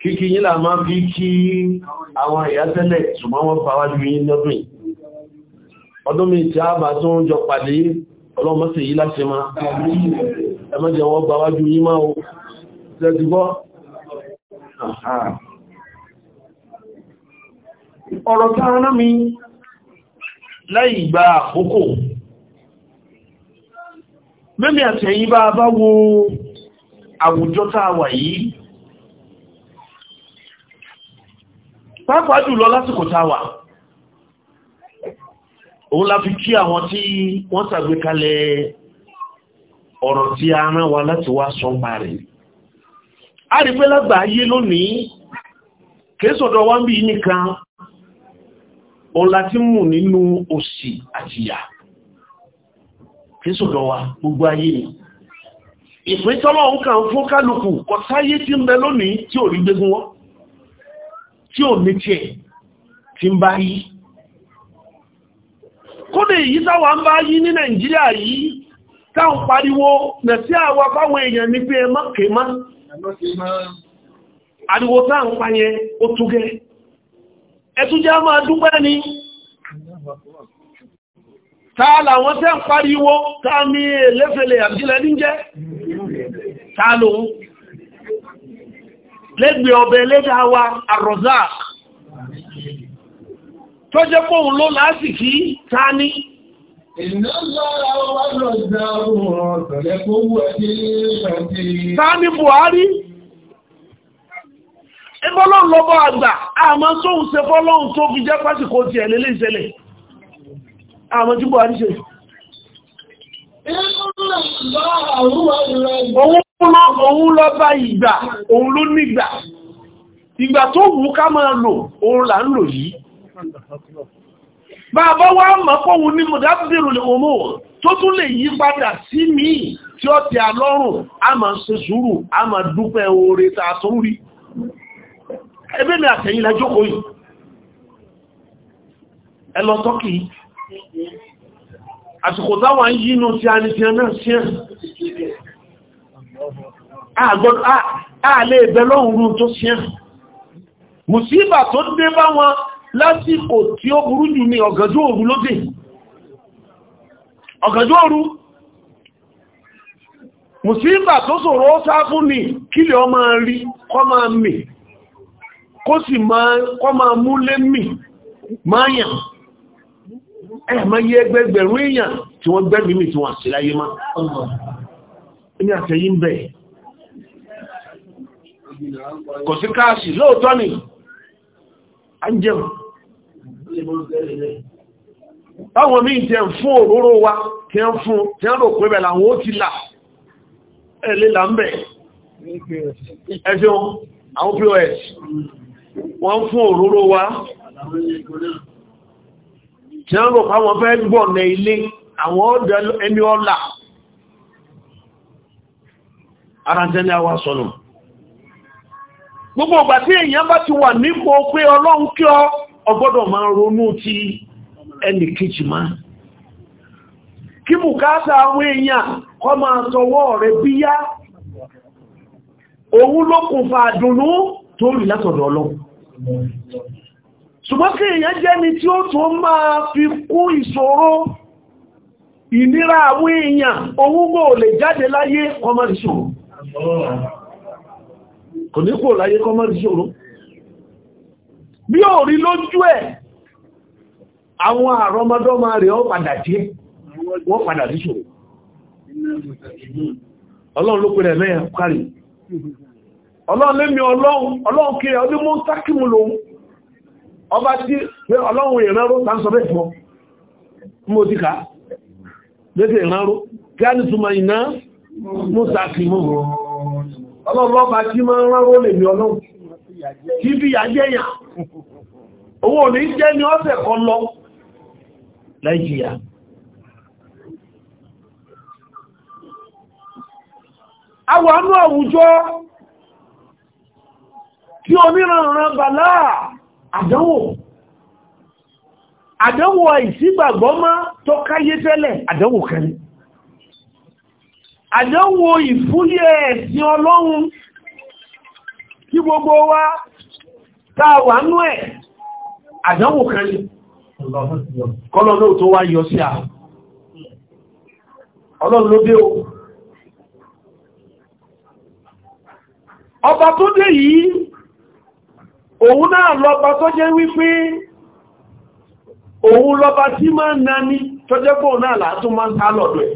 kíkí yí là máa fi kí àwọn ìyá tẹ́lẹ̀ ṣùgbọ́n wọ́n bá wájú yín lọ́dún yìí ọdún mi tí a bá tún jọ pàdé ọlọ́mọ́sí yí láti máa ẹmọ́jẹ̀ wọ́n bá wájú yín máa ó tẹ́tí gbọ́ ọ̀rọ̀ tí a rán mi láì ìgbà àkókò mẹ́mí àtẹ̀yìn bá bá wo àwùjọ tá wà yìí pàápàá jùlọ lásìkò tá wà òun la fi kí àwọn tí wọ́n ṣàgbékalẹ̀ ọ̀rọ̀ tí a rán wa láti wá sọ parí a rí pé lágbàáyé lónìí kìí sọ̀dọ̀ wá ń bí nìkan ọlá tí mù nínú òṣì àtìyà kí sọ̀dọ̀ wa gbogbo ayé ni ìpín tọ́lọ̀ ń kàn fún kálùkù kọ sáyé tí ń bẹ lónìí tí ò rí gbégún wọ́n tí ò ní tí ẹ̀ tí ń bá yí kódé èyí táwà ń bá yí ní nàìjíríà yìí táwọn pariwo nà sí àwọ fáwọn èèyàn ní pé ẹmọ́ kèémá ariwo táwọn pàyẹ ó túgẹ́ ẹtújá máa dúpẹ́ ni tààlà wọn tẹ́ ń pariwo káàmì ẹlẹ́fẹ̀lẹ̀ àbílẹ̀ ní jẹ́ tààlò lẹ́gbẹ̀ẹ́ ọbẹ̀ lẹ́dà wa Ar-Razzaq tó jẹ́ pòun ló lásìkí tání Tani Buhari ẹgbọ́lọ́n lọ́bọ́ àgbà àmọ́ sóhun ṣe fọ́lọ́hun tó fi jẹ́ pásìkò ti ẹ̀lẹ́lẹ́ ìṣẹ̀lẹ̀ àmọ́ tí bọ̀ àríṣẹ́ òun lọ bá ìgbà òun ló nígbà ìgbà tó wù ká máa lò òun là ń lò yìí bàbá wá mọ̀ pọ̀hun ní mọ̀dábìrò lè òmò tó tún lè yí padà sí míì tí ó ti àlọ́rùn a máa ṣe sùúrù a máa dúpẹ́ oore tààtúrí ẹbí mi àtẹ̀yìn lájókòó yìí ẹ lọ tọ́kì àsìkò táwà ń yí inú ti a ní ti ẹ náà sí ẹ̀ ààlẹ́ ìbẹ̀ lọ́rùn tó sí ẹ̀ mùsíbà tó dé bá wọn lásìkò tí ó burú jù ní ọ̀gànjú òru lóde ọ̀gànjú òru mùsíbà tó sòrò ó sá fún ní kílẹ̀ ọmọ rí kọ́ máa mìí kó sì máa mú lé mì máyàn ẹ̀mọ́ yẹ ẹgbẹgbẹ̀rún èèyàn tí wọ́n gbẹ́mí mi tí wọ́n sí láyé má ní àtẹ̀yí ń bẹ̀ kò sí káàsì lóòtọ́ ni a ń jẹun báwọn míì tẹ́ fún òróró wa tẹ́ fún tẹ́ rò pé bẹ̀rẹ̀ àwọn ó ti là ẹ̀lẹ́là ń bẹ̀ ẹ̀ṣẹ́ àwọn pọ́s wọ́n fún òróró wa tí wọ́n rò fáwọn fẹ́ gbọ̀nà ilé àwọn ọ̀dọ̀ ẹni ọlà ara jẹ́ni àwà sọ̀nà gbogbo ọgbà tí èèyàn bá ti wà nípo pé ọlọ́run kí ọ ọgbọ́dọ̀ ma ronú ti ẹnì kejì máa kí bùkátà àwọn èèyàn kọ́ máa sọwọ́ rẹ̀ bíyá òun ló kùnfà àdùnnú tó rí látọ̀dọ̀ ọlọ́run ṣùgbọ́n kí èèyàn jẹ́ ni tí ó tó máa fi kú ìṣòro ìnira àwọn èèyàn owó gbò lè jáde láyé kọmọdé kò ní kò láyé kọmọdé bí ò rí lójú ẹ̀ àwọn àrọmọdọ́mọ rẹ̀ ó padà jẹ́ wọ́n padà ní ọlọ́run lémi ọlọ́run ọlọ́run kiri ọdún mọ́ tákìmù lòun ọba tí ọlọ́run ta ń sọ mọ́ ti ká lẹ́tẹ̀ ìrànró kí a ní túnmà ìná mú tákìmù ọlọ́run tí máa ránró tí oníranran bàlá àdánwò àdánwò àìsígbàgbọ́ má tó káyé tẹ́lẹ̀ àdánwò kẹrin àdánwò ìfúyẹ́ ẹ̀sìn ọlọ́run tí gbogbo wa táwà nú ẹ̀ àdánwò kẹrin kọlọ́nà tó wá yọ sí à ọlọ́run ló dé o ọba tó dé yìí òun náà lọba tó jẹ́ wípé òun lọba tí máa ń nani tó jẹ́ pọ̀ náà látún máa ń sá lọ́dọ̀ ẹ̀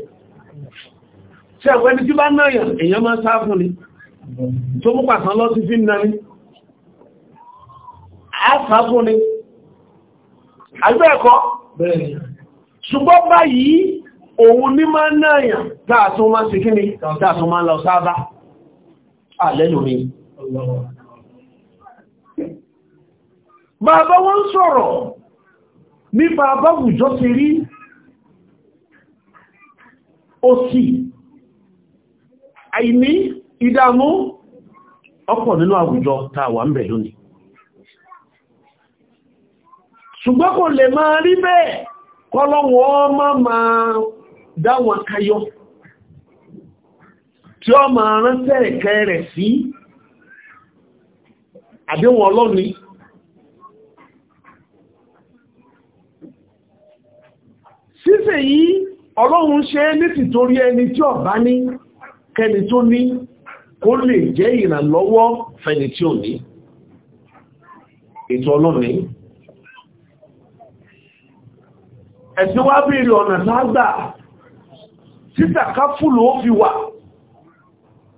tí ẹ̀wọ́ ẹni tí bá náyàn èyàn máa ń sá fún ni tó mú pàtàn lọ sí fi nani a sá fún ni àgbẹ́ ẹ̀kọ́ ṣùgbọ́n báyìí òun ní máa náyàn tààtún máa ń ṣe kí ni tààtún máa ń lọ sáábá àlẹ́lùmí bàbá wọn sọ̀rọ̀ nípa báwùjọ ti rí òsì àìní ìdààmú ọkọ̀ nínú àwùjọ tá wà ń bẹ lónìí ṣùgbọ́n kò lè máa rí bẹ́ẹ̀ kọlọ́wọ́ má máa dáwọn kayọ tí ọ máa ránṣẹ́ ẹ̀kẹ́ rẹ̀ sí àbíwọn ọlọ́ni ṣíṣe yìí ọlọ́run ṣe ní tìtorí ẹni tí ọ̀bá ní kẹni tó ní kó lè jẹ́ ìrànlọ́wọ́ fẹni tí ò ní ètò ọlọ́ni ẹ̀sìn wá bèèrè ọ̀nà sáàgbà títà káfùlù ó fi wà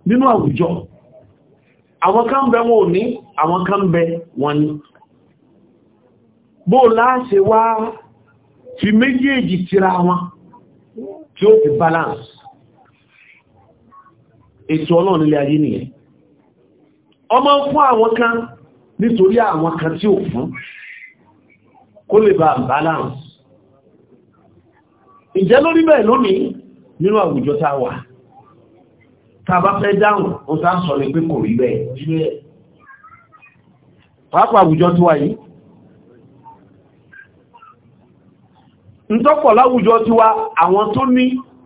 nínú àwùjọ àwọn kan bẹ wọn ò ní àwọn kan wọn ní bóò láàṣẹ wá fi méjèèjì tira wọn tí ó fi balance ètò ọlọ́run nílé ayé nìyẹn ọmọ fún àwọn kan nítorí àwọn kan tí ò fún kó lè bá balance ìjẹ́ lórí bẹ́ẹ̀ lónìí nínú àwùjọ tá wà tá bá fẹ́ dáhùn ó tá sọ ní pé kò rí bẹ́ẹ̀ pàápàá àwùjọ tó wà yìí ń tọ́pọ̀ láwùjọ ti wá àwọn tó ní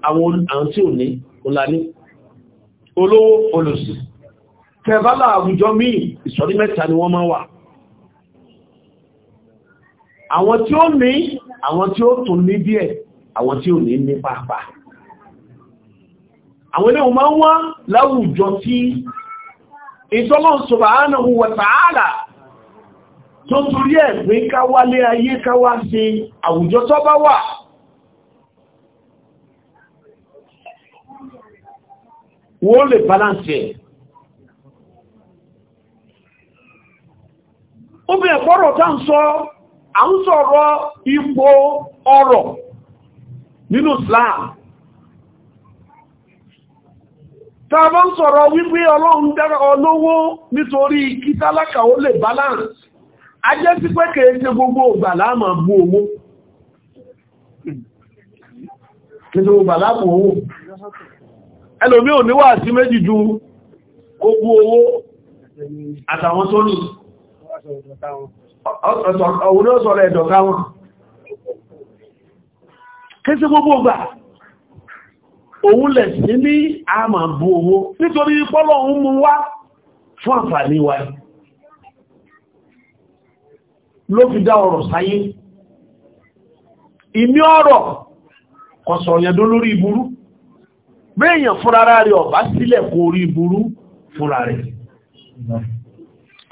àwọn tí ò ní olání olówó olùsì tẹ̀bálà àwùjọ míì ìsọ̀rí mẹ́ta ni wọ́n máa wà àwọn tí ó ní àwọn tí ó tún ní díẹ̀ àwọn tí ò ní ní pàápàá àwọn ilé ọmọ wọn láwùjọ tí ìtọ́lọ́ tó torí ẹ̀ pé ayé ká wá sí àwùjọ tó bá wà wọ́n lè balance ẹ̀ ó bí ẹ̀pọ̀rọ̀ tá ń sọ à ń sọ̀rọ̀ ipò ọrọ̀ nínú Islam tá bá ń sọ̀rọ̀ wípé ọlọ́run dára olówó nítorí kí tálákà ó lè balance a jẹ́ sí pé kèé ṣe gbogbo ògbà láàmà bú owó nínú ògbà láàmà owó ẹlòmí ò níwà sí méjì ju gbogbo owó àtàwọn tó ní ọ̀wọ́n ní ọ̀sọ̀rọ̀ ẹ̀dọ̀ká wọn kí sí gbogbo ògbà òun lẹ̀ sí ní àmà bú owó nítorí pọ́lọ̀ ń mú wá fún àǹfààní wa yìí ló fi dá ọ̀rọ̀ sáyé ìmí ọ̀rọ̀ kọ̀sọ̀ ọ̀yẹ̀dó lórí ìburú béèyàn fúnrara rẹ̀ ọ̀bá sílẹ̀ kò rí ìburú fúnra rẹ̀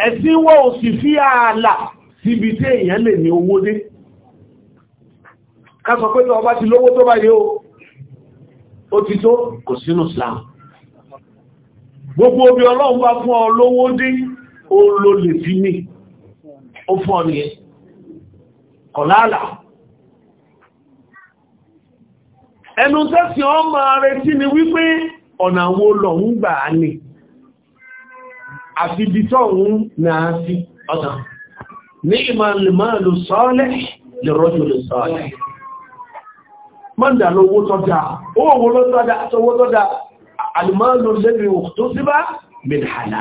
ẹ̀sìn wọ́n ò sì fi ààlà síbi tí èèyàn lè ní owó dé ká pé ọba ti lówó tó bá yé o ó ti tó kò sínú Islam gbogbo obi ọlọ́run bá fún ọ lówó dé o lo lè fi ní ó fún ọ nìyẹn kọ̀láàlà ẹnu tẹ́sì ọmọ retí ni wípé ọ̀nà wo lọ ń gbà á ní àfi bí tọ́hún náà sí ọ̀tà ní ìmọ̀ lèmọ́lù sọ́ọ̀lẹ̀ lèrọ́jù lè sọ́ọ̀lẹ̀ mọ́ndà lówó tọ́jà owó tọ́jà alìmọ́lù lẹ́rìn òkú tó síbá mìírànlá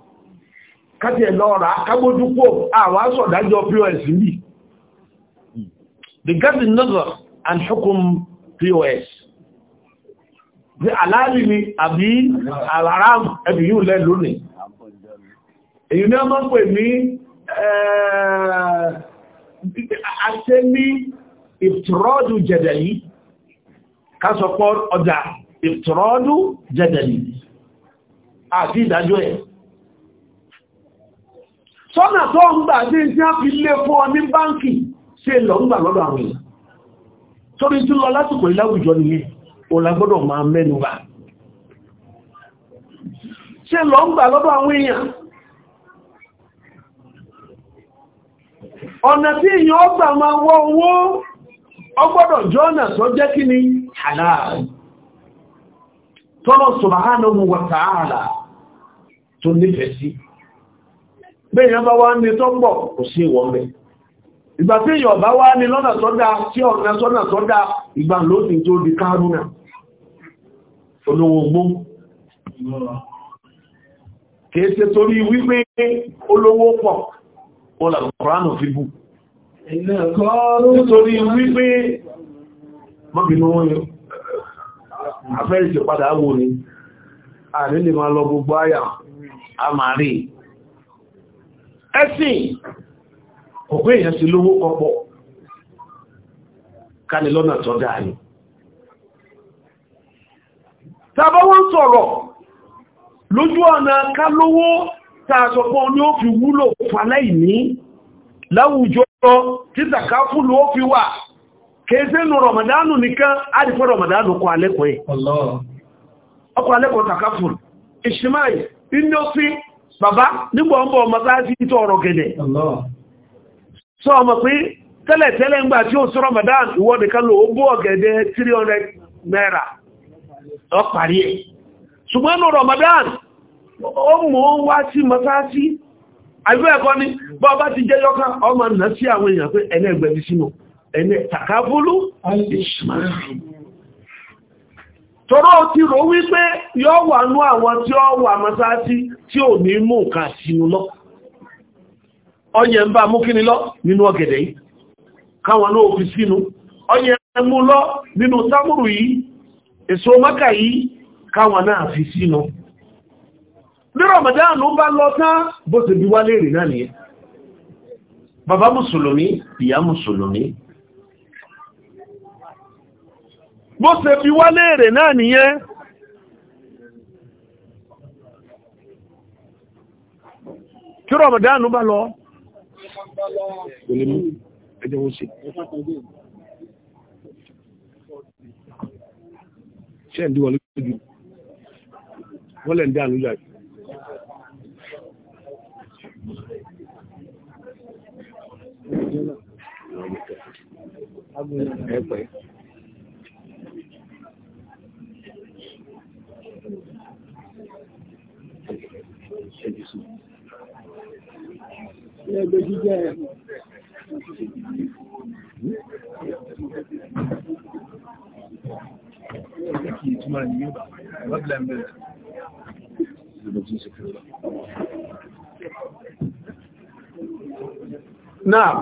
káti ẹ̀lọ ọ̀rá kágbójúpò àwọn sọ̀dájọ́ pos bí the garden nazar and hukum pos ní aláàrí ni àbí aláram ẹbí yíò lẹ́ lónìí èyí ní ọmọ pè ní àṣẹ ní ìtìrọ́dù jẹ̀dẹ̀lì kásọpọ̀ ọjà ìtìrọ́dù jẹ̀dẹ̀lì àti ìdájọ́ ẹ̀ sọ́nà tó ń gbà ní tí a fi lé fún ọ ní báńkì ṣe lọ ń gbà lọ́dọ̀ àwọn èèyàn torí tí lọ lásìkò ìláwùjọ ni olágbọ́dọ̀ máa mẹ́nuwà ṣe lọ ń gbà lọ́dọ̀ àwọn èèyàn ọ̀nà tí èèyàn ọgbà máa owó ọgbọ́dọ̀ jọ ọ̀nà tó jẹ́ kí ni tọ́lọ̀ bẹ́yàn bá wá ní tó ń bọ̀ kò sí ìwọ̀n mẹ́ ìgbà tí èyàn bá wá ní lọ́nà sọ́dá tí ọ̀nà sọ́nà sọ́dá ìgbà lóòtí tó di kárúnà olówó gbó kìí ṣe torí wípé olówó pọ̀ olàkùránù fi bù nítorí wípé mọ́bìnú afẹ́ ìṣẹ̀padà wò ní àrílè máa lọ gbogbo àyà a máa rí ẹ̀sìn ọ̀pọ̀ èèyàn sí lówó ọ̀pọ̀ káni lọ́nà tó dáa ni tàbá wọ́n sọ̀rọ̀ lójú ọ̀nà ká lówó tààsọ̀pọ̀ onye ó fi wúlò fàláìní láwùjọ tí zaka fúlù ó fi wà kéèsé nù rọ̀màdánù nìkan àdìfẹ́ rọ̀màdánù kọ alẹ́kọ̀ẹ́ ọkọ̀ alẹ́kọ̀ọ́ zaka ìṣìmáyì inú sí bàbá nígbà ọmọ ọmọ sáájú tó ọ̀rọ̀ gẹ̀dẹ̀ sọ ọmọ pé tẹ́lẹ̀ tẹ́lẹ̀ ń gbà tí ó sọ́rọ̀ Ramadan ìwọ́de kan lò ó bó ọ̀gẹ̀dẹ̀ 300 naira ọ parí ẹ̀ ṣùgbọ́n ní Ramadan ó mọ́ wá sí mọ́sáájú àìbẹ́ ni bàbá ti jẹ́ yọ́ká ọmọ nà sí àwọn tọ́rọ ti rò wípé yọ́ wà awa àwọn tí ó wà mọ́sáàtí tí ò ní mú ka sínú lọ ọyẹ ń bá mú lọ nínú ọ̀gẹ̀dẹ̀ yìí káwọn náà fi sínú ọyẹ mú lọ nínú sámúrù yìí èso mọ́kà yìí káwọn náà fi sínú ní rọ̀mọ̀dánù bá lọ tán bó ti bí wálé náà nìyẹn bàbá bó ṣe fi wá léèrè náà nìyẹn kí rọ̀mọ̀dánù bá lọ ṣe ń naam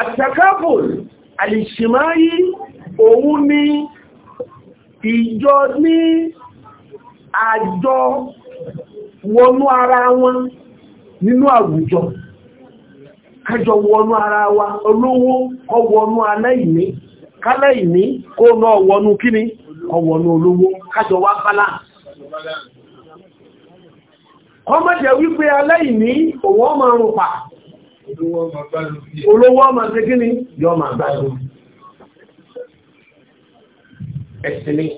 àtàkàfùn àlìṣìmáyí òun ni ijọ ni àjọ wọnụ ara wọn nínú àwùjọ kájọ wọnú ara wa olówó kó wọnú aláìní káláìní kó náà wọnú kini kó wọnú olówó kájọ wá balance ọmọ jẹ́ wípé aláìní òwò ọmọ ọrùn pa olówó ọmọ ṣe kí yọ ma gbájú ẹ̀sìnlẹ̀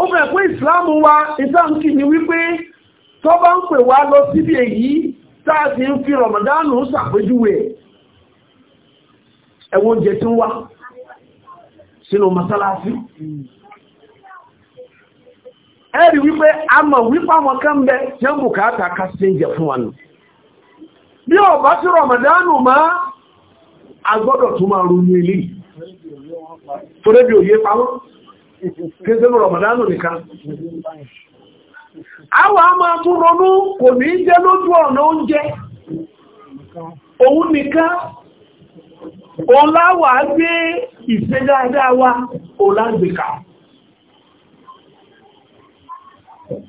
ó fẹ́ pé ìsìláàmù wa ìsáǹkì ni wípé tó bá ń pè wá lọ síbí èyí táàtì ń fi rọ̀mọ̀dánù sàpéjúwé ẹ̀wọ̀n jẹ tí wá sínú masalasi ẹ̀rí wípé a mọ̀ wípé àwọn kan bẹ jẹ́ ń bùkátà kásí jẹ fún wọn bí Ramadanu ma tụmarụ tó máa ronú ilé torí bí òye pamọ́ kí sí nìkan àwọn a máa ronú kò ní jẹ́ lójú ọ̀nà oúnjẹ òun wa òun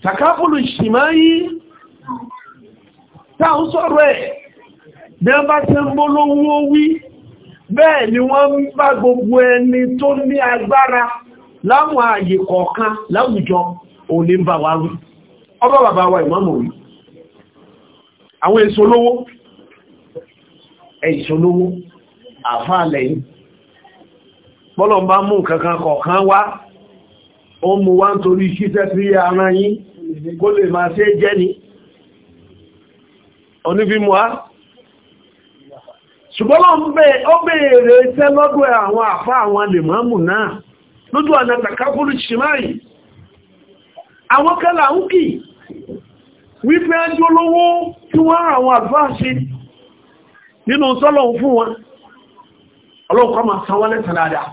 takafulu ìṣìmáyí tá ń sọ̀rọ̀ ẹ̀ bí wọ́n bá tẹ́ ń bó lówó wí bẹ́ẹ̀ ni wọ́n ń bá gbogbo ẹni tó ní agbára láwọn ààyè kọ̀ọ̀kan láwùjọ òní ń bá wa wí ọba bàbá wa ìmọ́mọ̀ wí àwọn èso lówó èso lówó bọ́lọ̀ bá mú nǹkan kọ̀ọ̀kan wá ó mú wá ń torí ṣíṣẹ́ sí ara yín kó lè máa ṣe jẹ́ ni onífímọ́ á ṣùgbọ́n ó béèrè iṣẹ́ lọ́dọ̀ àwọn àfá àwọn alèmọ́mù náà lójú ọ̀nà tàkàkùrù ṣìmáyì àwọn kẹ́là ń kì wípé ẹjọ́ lówó tí wọ́n àwọn àfá ṣe nínú sọ́lọ̀ fún wọn ọlọ́kọ́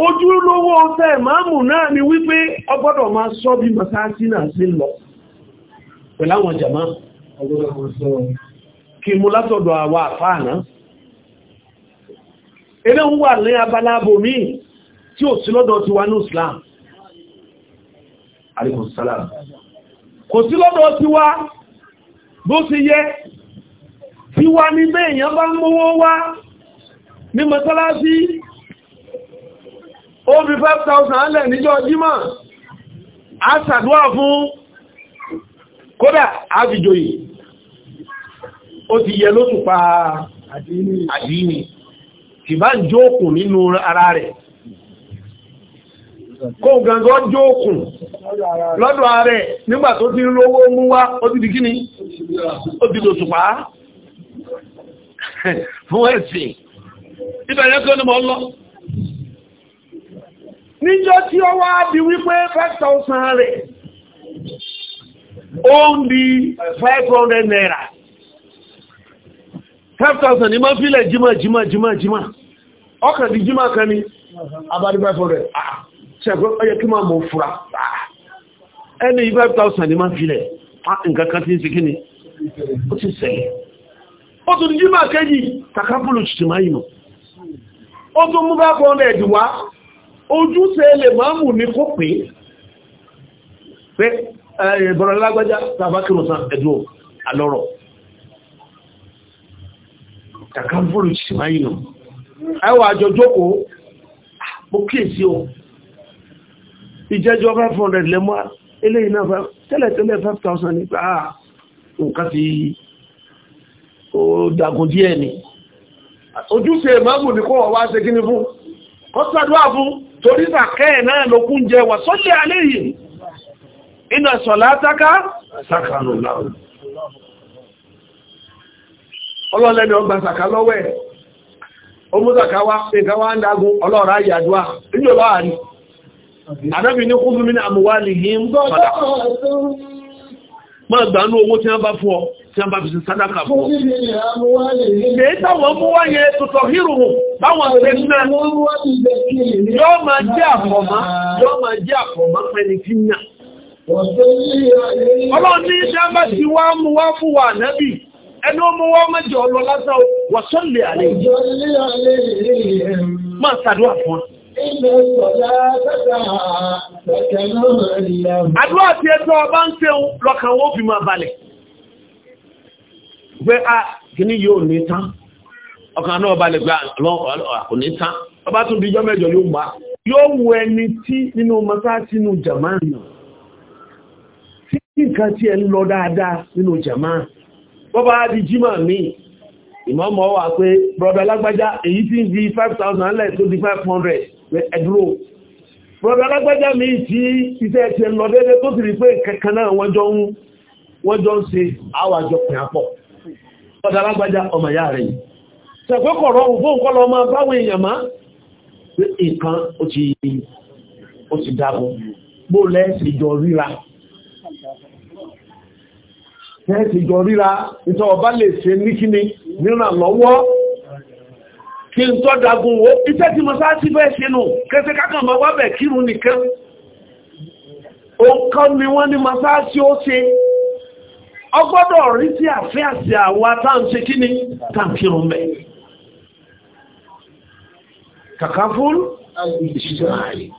ojúlówó ọfẹ́ ìmáàmù náà ni wípé ọgbọ́dọ̀ máa sọ bí masáàtì náà sí lọ pẹ̀láwọn jàmá kí mú látọ̀dọ̀ àwọ àfáàná ilé ń wà ní abalábò tí ò sí lọ́dọ̀ ti wá ní Islam kò sí lọ́dọ̀ ti wá bó ti yẹ tí wá ó fi 5,000 lẹ̀ níjọ́ jímọ̀ a ṣàdúwà fún kódà àfìjòyì ó ti yẹ ló tùpa àdínì tí bá ń jókùn nínú ara rẹ̀ kó gangan jókùn lọ́dọ̀ ààrẹ nígbà tó ti lówó mú wá ó ti di kíni ó ti lò tùpa fún ẹ̀sìn ìbẹ̀rẹ̀ kí ó ní mọ́ lọ́wọ́ níjọ́ tí ó wá di wípé 5,000 rẹ̀ ó ń di 500 naira 5,000 ní máa fílẹ̀ jímọ̀ jímọ̀ jímọ̀ jímọ̀ ọkàn di jímọ̀ kan ní abadi 500 ṣẹ̀kọ́ ọyẹ kí máa mọ̀ fura ah, ẹni 5,000 ní máa fílẹ̀ ah, nǹkan kan tí ń sikí ni ó ti sẹ̀lẹ̀ ó tún jímọ̀ kẹ́yì takápùlù ṣìṣìmáyìmọ̀ ojúṣe lè máa mù ní kó pé pé ẹ̀bọ̀rọ̀ lágbájá tàbákìrùsàn ẹ̀dùn alọ́rọ̀ kàkàmfòrò ṣìmáyìnà ẹwà àjọ jókòó mo kíyèsí o ìjẹjọ 500 lẹ́mọ́ eléyìn náà tẹ́lẹ̀tẹ́lẹ̀ 5000 nípa nǹkan ti ó dàgùn díẹ̀ ni ojúṣe ìmáàmù ní kó wá ṣe kíní fún kọ́sàdúwà fún torí sàkẹ́ náà ló jẹ wà sọ́lẹ̀ alẹ́ yìí iná sọ̀lá táká sàkàrò láàrùn ọlọ́lẹ́ni ọgbà sàkà lọ́wẹ́ ọmọdàkáwá ìgbàwá ń dágún ọlọ́ọ̀rá yàdúwà ní ọlọ́ àrí anábì ọ kúrú mi ní àmúwá lè yí ń padà máa gbánú owó tí wọ́n Báwọn ṣe náà yóò máa jẹ́ àfọ̀mọ́, yóò máa jẹ́ àfọ̀mọ́ pẹ̀lú kí náà. Ọlọ́run ní ṣábà ti wá mú wá fún wa nábì, ẹni ó mú wá mẹ́jọ ọlọ lásán wọ̀sọ́lẹ̀ àlè. Máa ṣàdúrà fún wa. Àdúrà tí ẹjọ́ ọba ń ṣe lọ́kàn wọ́n fi máa balẹ̀. Gbé a kìíní yóò ní tán ọkàn náà bá lè gba kò ní tán ọba tún bí ijọ́ mẹ́jọ yóò wá yóò wù ẹni tí nínú mọ́tá sínú jàmá tí nǹkan tí ẹ ń lọ dáadáa nínú jàmá bọ́bá di jímọ̀ mi ìmọ̀mọ̀ wà pé brọ́dọ̀ alágbájá èyí tí ń fi 5,000 lẹ̀ tó di 500 ẹ̀dúró brọ́dọ̀ alágbájá mi tí iṣẹ́ ti ń lọ déédé tó sì rí pé kankan náà wọ́n jọ ń wọ́n jọ ń ṣe àwàjọ pìnàpọ̀ brọ́dọ̀ alágbájá ọmọ ìyá rẹ̀ yìí sẹ̀gbẹ́kọ̀rọ̀ òbó nǹkan lọ máa báwọn èèyàn má nǹkan ó ti dágún bó lẹ́ẹ̀sì jọ ríra lẹ́ẹ̀sì jọ ríra ìtọ́ ọba lè ṣe ní kíni mìíràn lọ́wọ́ kí n tọ́ dágún ó iṣẹ́ tí mo sáà sí fẹ́ sínú kẹsẹ́ kákan ni wọ́n ní masáàsí ó ṣe ọgbọ́dọ̀ rí sí àfẹ́ àti àwọn atáǹṣe kíni tàbí ọmọ ẹ̀ takaful ìṣẹ́rẹ̀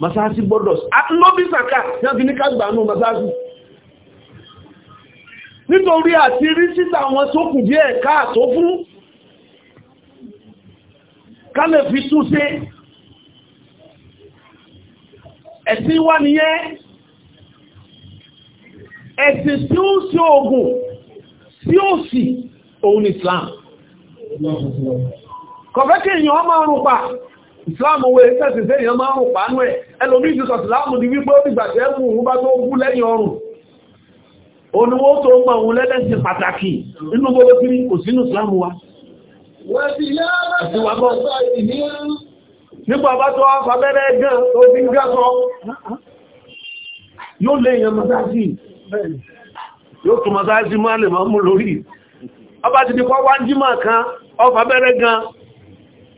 masáàsì gbọ́dọ̀ lóbi sàkà ní ọdún ní kàgbà ní masáàsì nítorí àti rí síta wọn tó kù díẹ̀ káàtó fún kálẹ̀ fi tún sí ẹ̀sìn wá nìyẹn ẹ̀sìn tí ó sí ogun tí ó sì òun Islam kọ̀fẹ́ kí èèyàn máa rùn pa ìsìláàmù wé tẹ́sì sí èèyàn máa rùn pa nú ẹ̀ ẹlòmí ti sọ ìsìláàmù di wípé ó dìgbà tẹ́ mú òun bá tó kú lẹ́yìn ọrùn oníwó tó mọ òun lẹ́lẹ́sìn pàtàkì inú gbogbo kiri kò sínú ìsìláàmù wa nípa bá tó wá fàbẹ́rẹ́ gan tó ti ń gásọ yóò lè èèyàn ọba ti di kọ́ wá kan ọfà bẹ́rẹ́ gan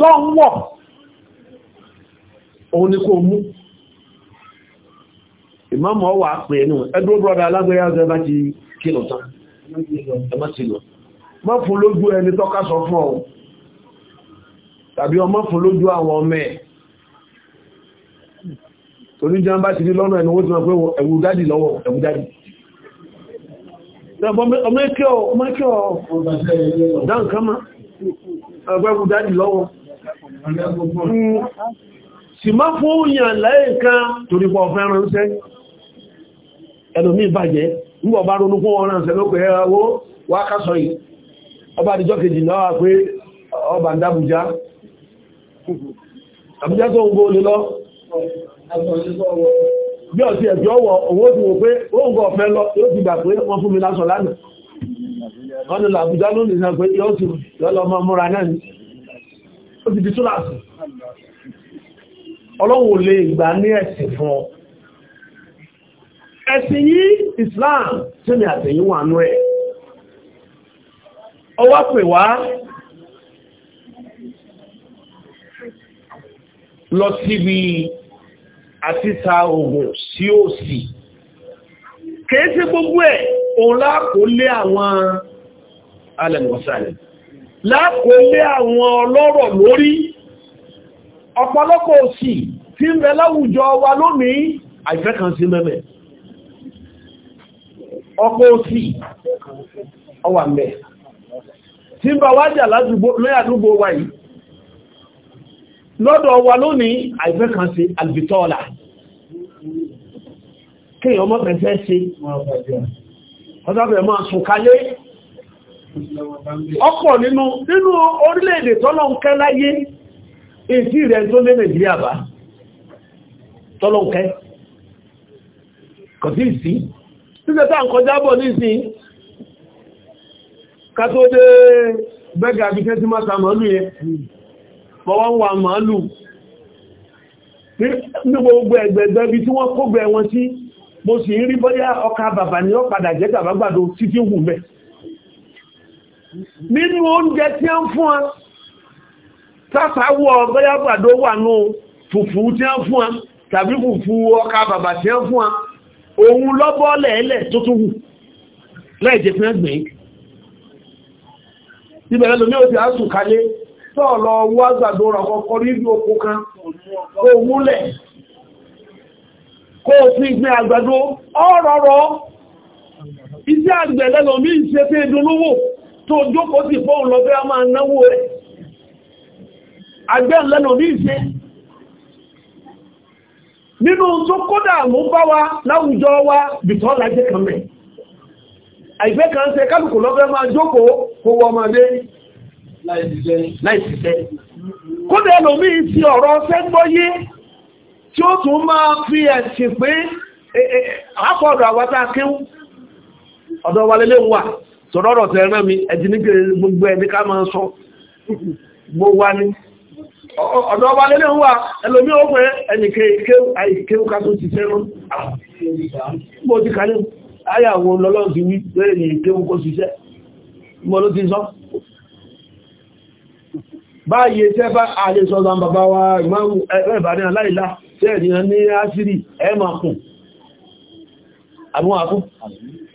tó ń wọ̀ òun ni kò mú ìmọ́mọ̀ wà pè ẹnu ẹgbẹ́ brọ́dá alágbẹ́yà ọ̀sẹ̀ bá ti kílò tán ẹmọ́ ti lọ mọ́ fún lójú ẹni tọ́ka sọ fún ọ tàbí ọmọ fún lójú àwọn ọmọ ẹ̀ torí jẹ́ bá ti rí lọ́nà ẹni wọ́n ti mọ̀ pé ẹ̀wù dádì lọ́wọ́ ẹ̀wù dádì ọmọ ẹkẹ́ ọ̀ ọgbẹ́gbù dájì lọ́wọ́ sì má fún òyìn lẹ́ẹ̀kan torí pọ̀ fẹ́ràn ń sẹ́ ẹlòmí bàjẹ́ nígbọ̀ bá ronú fún ọ̀rán ṣe lókè ẹwọ́ wá kásọ yìí ọba àdìjọ́ kejì náà pé ọba ń dábùjá àbújá tó ń gbó lè lọ bí ọ̀sí ẹ̀bí ọwọ̀ owó ti wò pé ó ń gọ̀ ọ̀fẹ́ lọ yóò ti gbà pé wọ́n fún mi lásọ lánàá wọ́n ni làbújá ló nìsan pé yóò sì lọ́lọ́ ọmọ múra náà ní ó ti di túlàsì ọlọ́wọ̀ lè gbà ní ẹ̀sìn fún ọ ẹ̀sìn yìí Islam tí mi àtẹ̀yìn wà nú ẹ̀ ọwá pè wá lọ síbi àtíta ogun sí òsì kèése gbogbo ẹ̀ òun láàkó lé àwọn alẹ́nu ọ̀sàlẹ̀ lákòólé àwọn ọlọ́rọ̀ lórí ọ̀pọ̀lọpọ̀ òsì tí ń bẹ láwùjọ wa lónìí àìfẹ́ kan sí mẹ́mẹ́ ọ̀pọ̀ òsì ọwà mẹ́ tí ń bá wájà lóyàdúgbò wa yìí lọ́dọ̀ wa lónìí àìfẹ́ kan sí albitola kíyàn mọ́ pẹ̀fẹ́ sí ọjọ́ bẹ̀rẹ̀ máa sùn kalé ọ̀pọ̀ nínú nínú orílẹ̀-èdè tọ́lọ̀ ń kẹ́ láyé èsì rẹ̀ tó lé Nàìjíríà bá tọ́lọ̀ ń kẹ́ kò sí ìsí títẹ́ tàà ń kọjá bọ̀ ní ìsìn ká tó dé bẹ́gà bí kẹ́ tí máa ta màálù yẹ bọ́wọ́ ń wa màálù ní gbogbo ẹgbẹ̀gbẹ̀ bí tí wọ́n kó nínú oúnjẹ tí ó ń fún ọ sásáwọ́ ọgbẹ́yàgbàdó wà ní fùfú tí ó ń fún ọ tàbí fùfú ọkà bàbà tí ó ń fún ọ òun lọ́bọ́ lẹ́ẹ̀lẹ̀ tó tún wù lẹ́ẹ̀jẹ̀ fún ẹgbẹ̀ ìbẹ̀rẹ̀ lómi ò ti á sùn kalé sọ́ọ̀lọ́ wá gbàdó rọ̀ kọ́kọ́ rí ibi oko kan kó múlẹ̀ kó fi gbẹ àgbàdo ọ̀rọ̀rọ̀ iṣẹ́ àgbẹ̀ lẹ́lọ́mí ìṣẹ́ fẹ́ dolówó tó jókòó sí fóun lọ fẹ́ a máa náwó rẹ̀ agbẹ́ lẹ́nà ní ìṣẹ́ nínú tó kódà mú bá wa láwùjọ wa bìtọ́ lájẹ́ kan mẹ́ àìfẹ́ kan ṣe kálùkù lọ́fẹ́ máa jókòó kó wọ ọmọdé láìsìṣẹ́ kódà ẹlòmí sí ọ̀rọ̀ ṣẹ́ gbọ́yé tí wà tọ́rọ̀rọ̀ tẹ́ rán mi ẹ̀dì ní gbogbo ẹni ká máa sọ gbogbo wa ní ọ̀dọ̀ ọba lẹ́lẹ́ wà ẹlòmí ọgbẹ́ ẹni kéwú ká tó ti sẹ́rọ mo ti kàní ayàwó lọ́lọ́n ti wí pé ní kéwú kó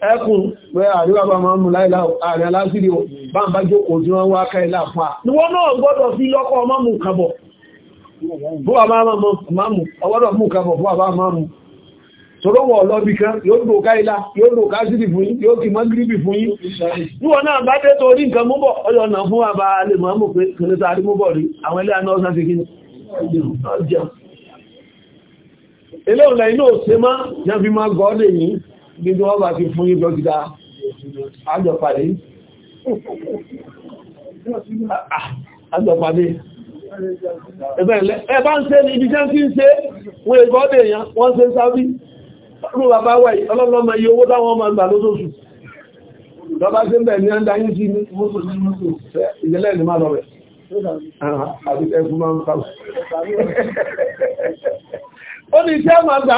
ẹkùn pé àríwá bá máa ń mú láìlá ààrẹ aláṣírí bá ń bá jókòó tí wọ́n wá ká ilá fún à níwọ́n náà gbọ́dọ̀ sí lọ́kọ́ ọmọ mú kàbọ̀ sọ̀rọ̀ wọ̀ lọ́bí kan yóò lò káìlá yóò lò káàkiri fún yí yóò kì mọ́gíríbì fún yí níwọ̀n náà bá dé torí nǹkan múbọ̀ ọjọ́ ọ̀nà fún àbá alẹ́ mọ́mù pé kìrìtà àrí múbọ̀ rí àwọn ilé àná ọ̀sán fíkí ilé ọ̀nà inú òsèmá jẹ́ fi máa gọ́ọ́dẹ̀ yìí gbogbo wọ́n bá fi fún yí dókítà àjọpàdé àjọpàdé ẹ̀bá ń ṣe ní ibi jẹ́ sí ń ṣe wọ́n ẹgbọ́ dè yàn wọ́n ṣe sábí rú bàbá wà ọlọ́lọ́mọ iye owó dáwọn ọmọ ìgbà lóṣooṣù lọ́bá sí bẹ̀ ní ẹ́ndà yìí sí ní ìjẹ́lẹ̀ ní máa lọ rẹ̀ ó ní iṣẹ́ máa gbà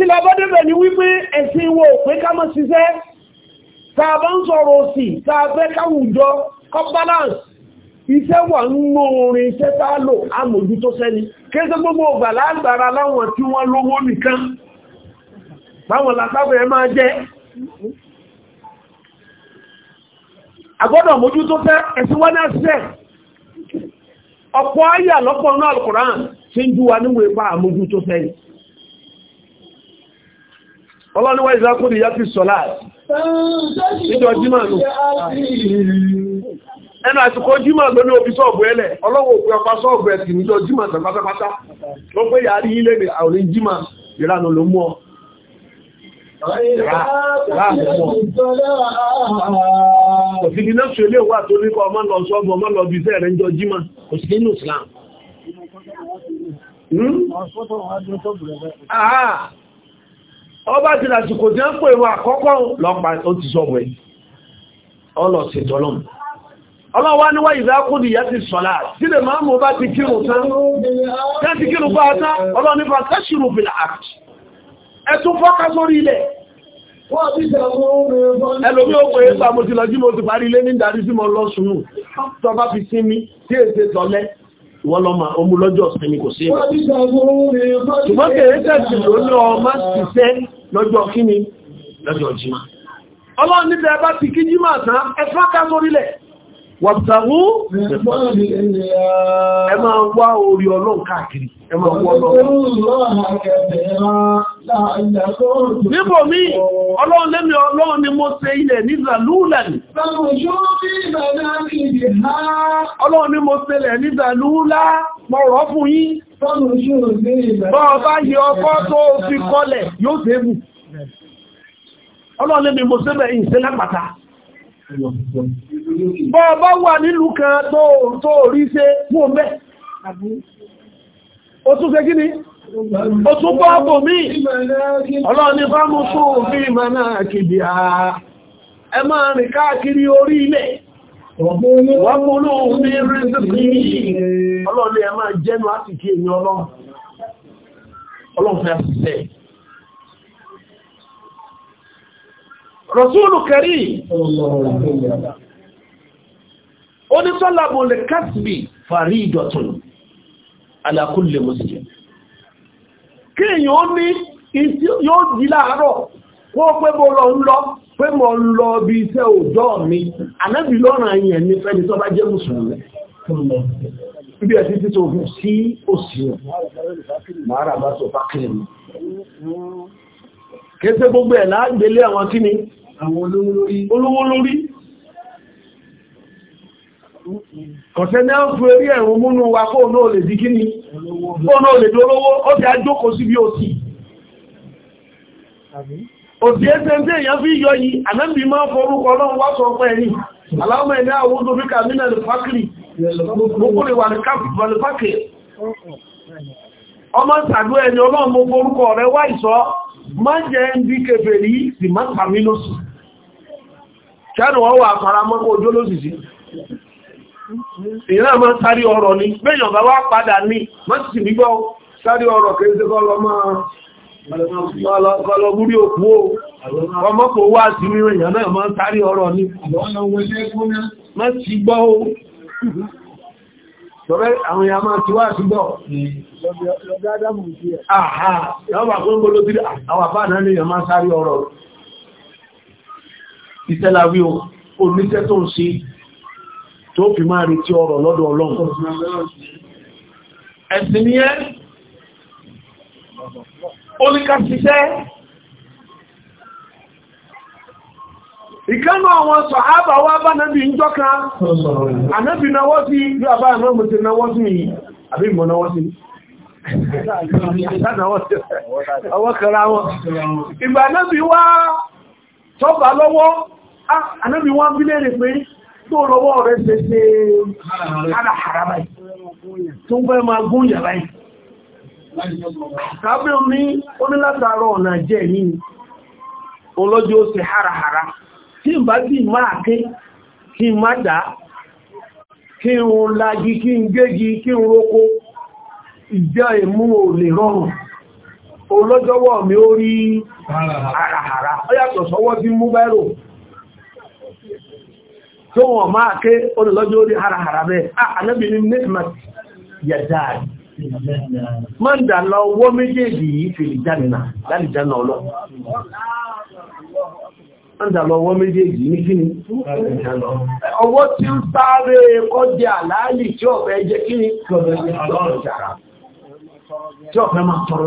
kí lọ bọ́ dẹ̀bẹ̀ ni wípé ẹ̀sìn wo pé ká mọ́ ṣiṣẹ́ tàà bá ń sọ̀rọ̀ òsì tàà fẹ́ káwùjọ kọ́ balance iṣẹ́ wà ń mọ́ orin iṣẹ́ tàà lò amòjú tó sẹ́ni kéèsẹ́ gbogbo ọgbà lágbàra láwọn tí wọ́n lówó nìkan báwọn látàbẹ̀ máa jẹ́ agbọ́dọ̀ mójú tó fẹ́ ọlọ́niwá ìzákú ni yá ti sọ̀lá níjọ jímọ̀ nù ẹnu àsìkò jímọ̀ ló ní òbí sọ́ọ̀bù ẹlẹ̀ ọlọ́wọ̀ òpin ọpa sọ́ọ̀bù ẹ̀sìn níjọ jímọ̀ tàbátàbátá ló pé yà á rí ilé àwọn jímọ̀ ìranù ló mú ọ òsìkí náà ṣe lè wà tó ní kọ ọmọ lọ sọ́ọ̀bù ọmọ lọ bí iṣẹ́ rẹ̀ níjọ jímọ̀ òsìkí nù Islam hmm? ọba ti lásìkò tí wọ́n pè wọn àkọ́kọ́ lọ́pàá ó ti sọ wẹ̀ ọlọ́sẹ̀ tọ́lọ́m ọlọ́wà níwá ìzákúdì yá ti sọ̀lá sílẹ̀ máa mú bá ti kírun tán tẹ́ ti kírun bá tán ọlọ́nípa kẹ́ṣìrù bìlà àti ẹ̀tún fọ́ká sórí ilẹ̀ ẹlòmí ó pè é pa mo ti lọ jí mo ti parí ilé ní ìdarí sí mo lọ sùnú tọba fi sinmi wọ́n lọ máa ọmú lọ́jọ́ ìsinmi kò sí ẹ̀kọ́. ṣùgbọ́n kèrè tẹ̀sì ló ní ọmọ ṣiṣẹ́ lọ́jọ́ kíni lọ́jọ́ jímà. ọlọ́run níbẹ̀ bá ti kí jímà wọ̀tàwó ẹ máa wá orí ọlọ́run káàkiri ẹ máa wọ́ ọlọ́run níbò mí ọlọ́run lẹ́mí ọlọ́run ni mo ilẹ̀ ní zàlúùlẹ̀ ọlọ́run ni mo ilẹ̀ ní zàlúùlá mọ̀rọ̀ fún bọ́ọ̀bá ọkọ́ tó fi kọlẹ̀ yóò Bọ́ bá wà nílùú kan tó rí ṣe mú mẹ́. Ó tún ṣe gíní? Ó tún bọ́ bò mí. Ọlọ́run ní bá mú fún òfin ìmọ̀ náà kìdì àà. Ẹ máa rìn káàkiri orí ilẹ̀. Wọ́n mú lóòrùn ní rí Ọlọ́run ní ẹ máa jẹ́nu àti kí èèyàn ọlọ́run. Ọlọ́run fẹ́ rọ̀súlù kẹrí onítọ́lábò lè kásìbì fàrí ìdọ̀tún alákùnlé muslim kí èyàn ó ní yóò jí láàárọ̀ kó pé mo lọ ń lọ pé mo ń lọ bí iṣẹ́ òjò mi ànábì lọ́nà ayẹ̀ ní fẹ́ni tó bá jẹ́ mùsùlùmí ibi ẹ̀sí tí tó gùn sí òsì ọ̀ mara bá tó bá kìrì mú kéte gbogbo ẹ̀ láàgbélé àwọn kíni àwọn olówó lórí kọ̀sẹ́ ní ọ́fù eré ẹ̀rùn múnú wa kó náà lè di kíni kó náà lè dolówó ó ti ajókòó sí bí ó sì òsì ẹsẹ̀ tí èyàn fi yọ yìí ànábì máa forúkọ náà wá sọ pẹ́ ní aláwọ̀ ẹ̀dá àwọn olóbíkà nínà lè fákìrì gbogbo lè wà ní fákìrì ọmọ sàdó ẹni ọlọ́run mo forúkọ rẹ wá ìsọ má jẹ́ ń bí kèfèrí sì má pàmí lóṣù kẹ́rù wọ́n wà faramọ́ kó lọsisi lóṣìṣì sáré ọ̀rọ̀ ni gbẹ́yàn bá wá padà ní mọ́sí gbígbọ́ sáré ọ̀rọ̀ kẹrìsẹ́ kọlọmọ́rí òkú ọmọ kò wá sí mìíràn ìyàn náà ma sáré ọ̀rọ̀ ni o tọ́rẹ́ ìtẹ́láwí oníṣẹ́ tó ń ṣe tó fi máa rí tí ọrọ̀ lọ́dọ̀ ọlọ́run ẹ̀sìn ni ẹ́ oníkàṣiṣẹ́ ìkánú àwọn sọ̀hábà wá bá nábi ń jọ́ka ànábì náwọ́ sí bí àbá náà mo ti náwọ́ sí mi àbí ìmọ̀ náwọ́ sí ọwọ́ kẹra wọn ìgbà náà bí wá tọ́bà lọ́wọ́ anábi ah, wọ́n bí lẹ́rẹ̀ pé tó rọwọ́ rẹ̀ ṣe ṣe aláhàrá báyìí tó ń fẹ́ máa gún yà báyìí tàbí omi onílátàrọ̀ ọ̀nà jẹ́ ní olójú ó ṣe hárahàrá tí n bá bí máa ké kí n má dá kí n kí n kí n tó wọ́n máa ké olùlọ́jọ́ orí harahara rẹ̀ anábì ah, ní nígbà yẹ̀dáì máa ń dà lọ owó méjèèjì yìí fèrè jánìnà láti jánà ọlọ́ Àndàlọ́wọ́ méjèèjì ní kíni? Ọwọ́ tí ń sáré kọjá àlàálì tí jẹ́ kíni? Tí máa tọrọ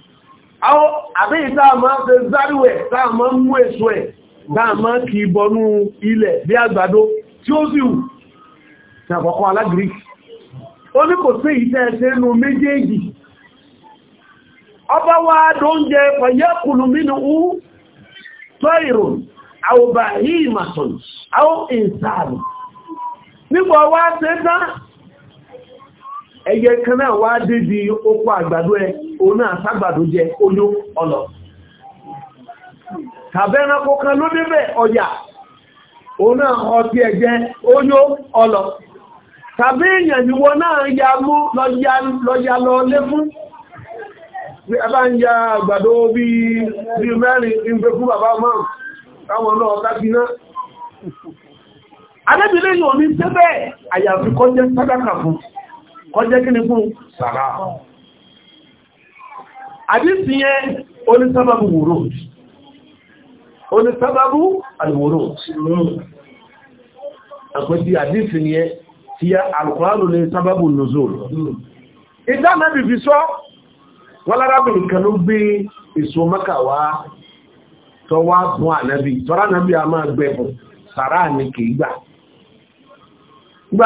àwọn àbí ìdáàmà ṣe dáàmà mú èso ẹ̀ dáàmà kì í bọnú ilẹ̀ bí àgbàdo tí ó sì ti àkọ́kọ́ alágìríkì ó ní kò sí ìtẹ́ ẹ̀ṣẹ́ inú méjèèjì ọba wá dóúnjẹ pẹ̀yẹ́kùnù mínú ú tọ́ìrò àwòbà yìí màtọ̀nù ẹyẹ kan náà wá débi oko àgbàdo ẹ òun náà jẹ oyó ọlọ tàbẹ́ránkó kan ló débẹ̀ ọjà òun náà ẹ jẹ, oyó ọlọ tàbí èèyàn náà ya mú lọ́ya lọ lé fún ẹbá ń ya àgbàdo bí i mẹ́rin fún bàbá káwọn náà tẹ́bẹ̀ àyàfikọ́ jẹ́ kọjẹ́ kí ni fún sàrà àdísì yẹn onísábàbù wòrò onísábàbù alìwòrò àpẹtí àdísì yẹn tí yẹ alùkùránù ní sábàbù nùzòrò ìdáná bìbí sọ wọ́n lárábìnrin kan ló gbé èso mọ́kà wá tọwọ́ bùn ànábì tọ́rọ ànábì a máa gbẹ̀bùn sàrà ní kìí gbà ìgbà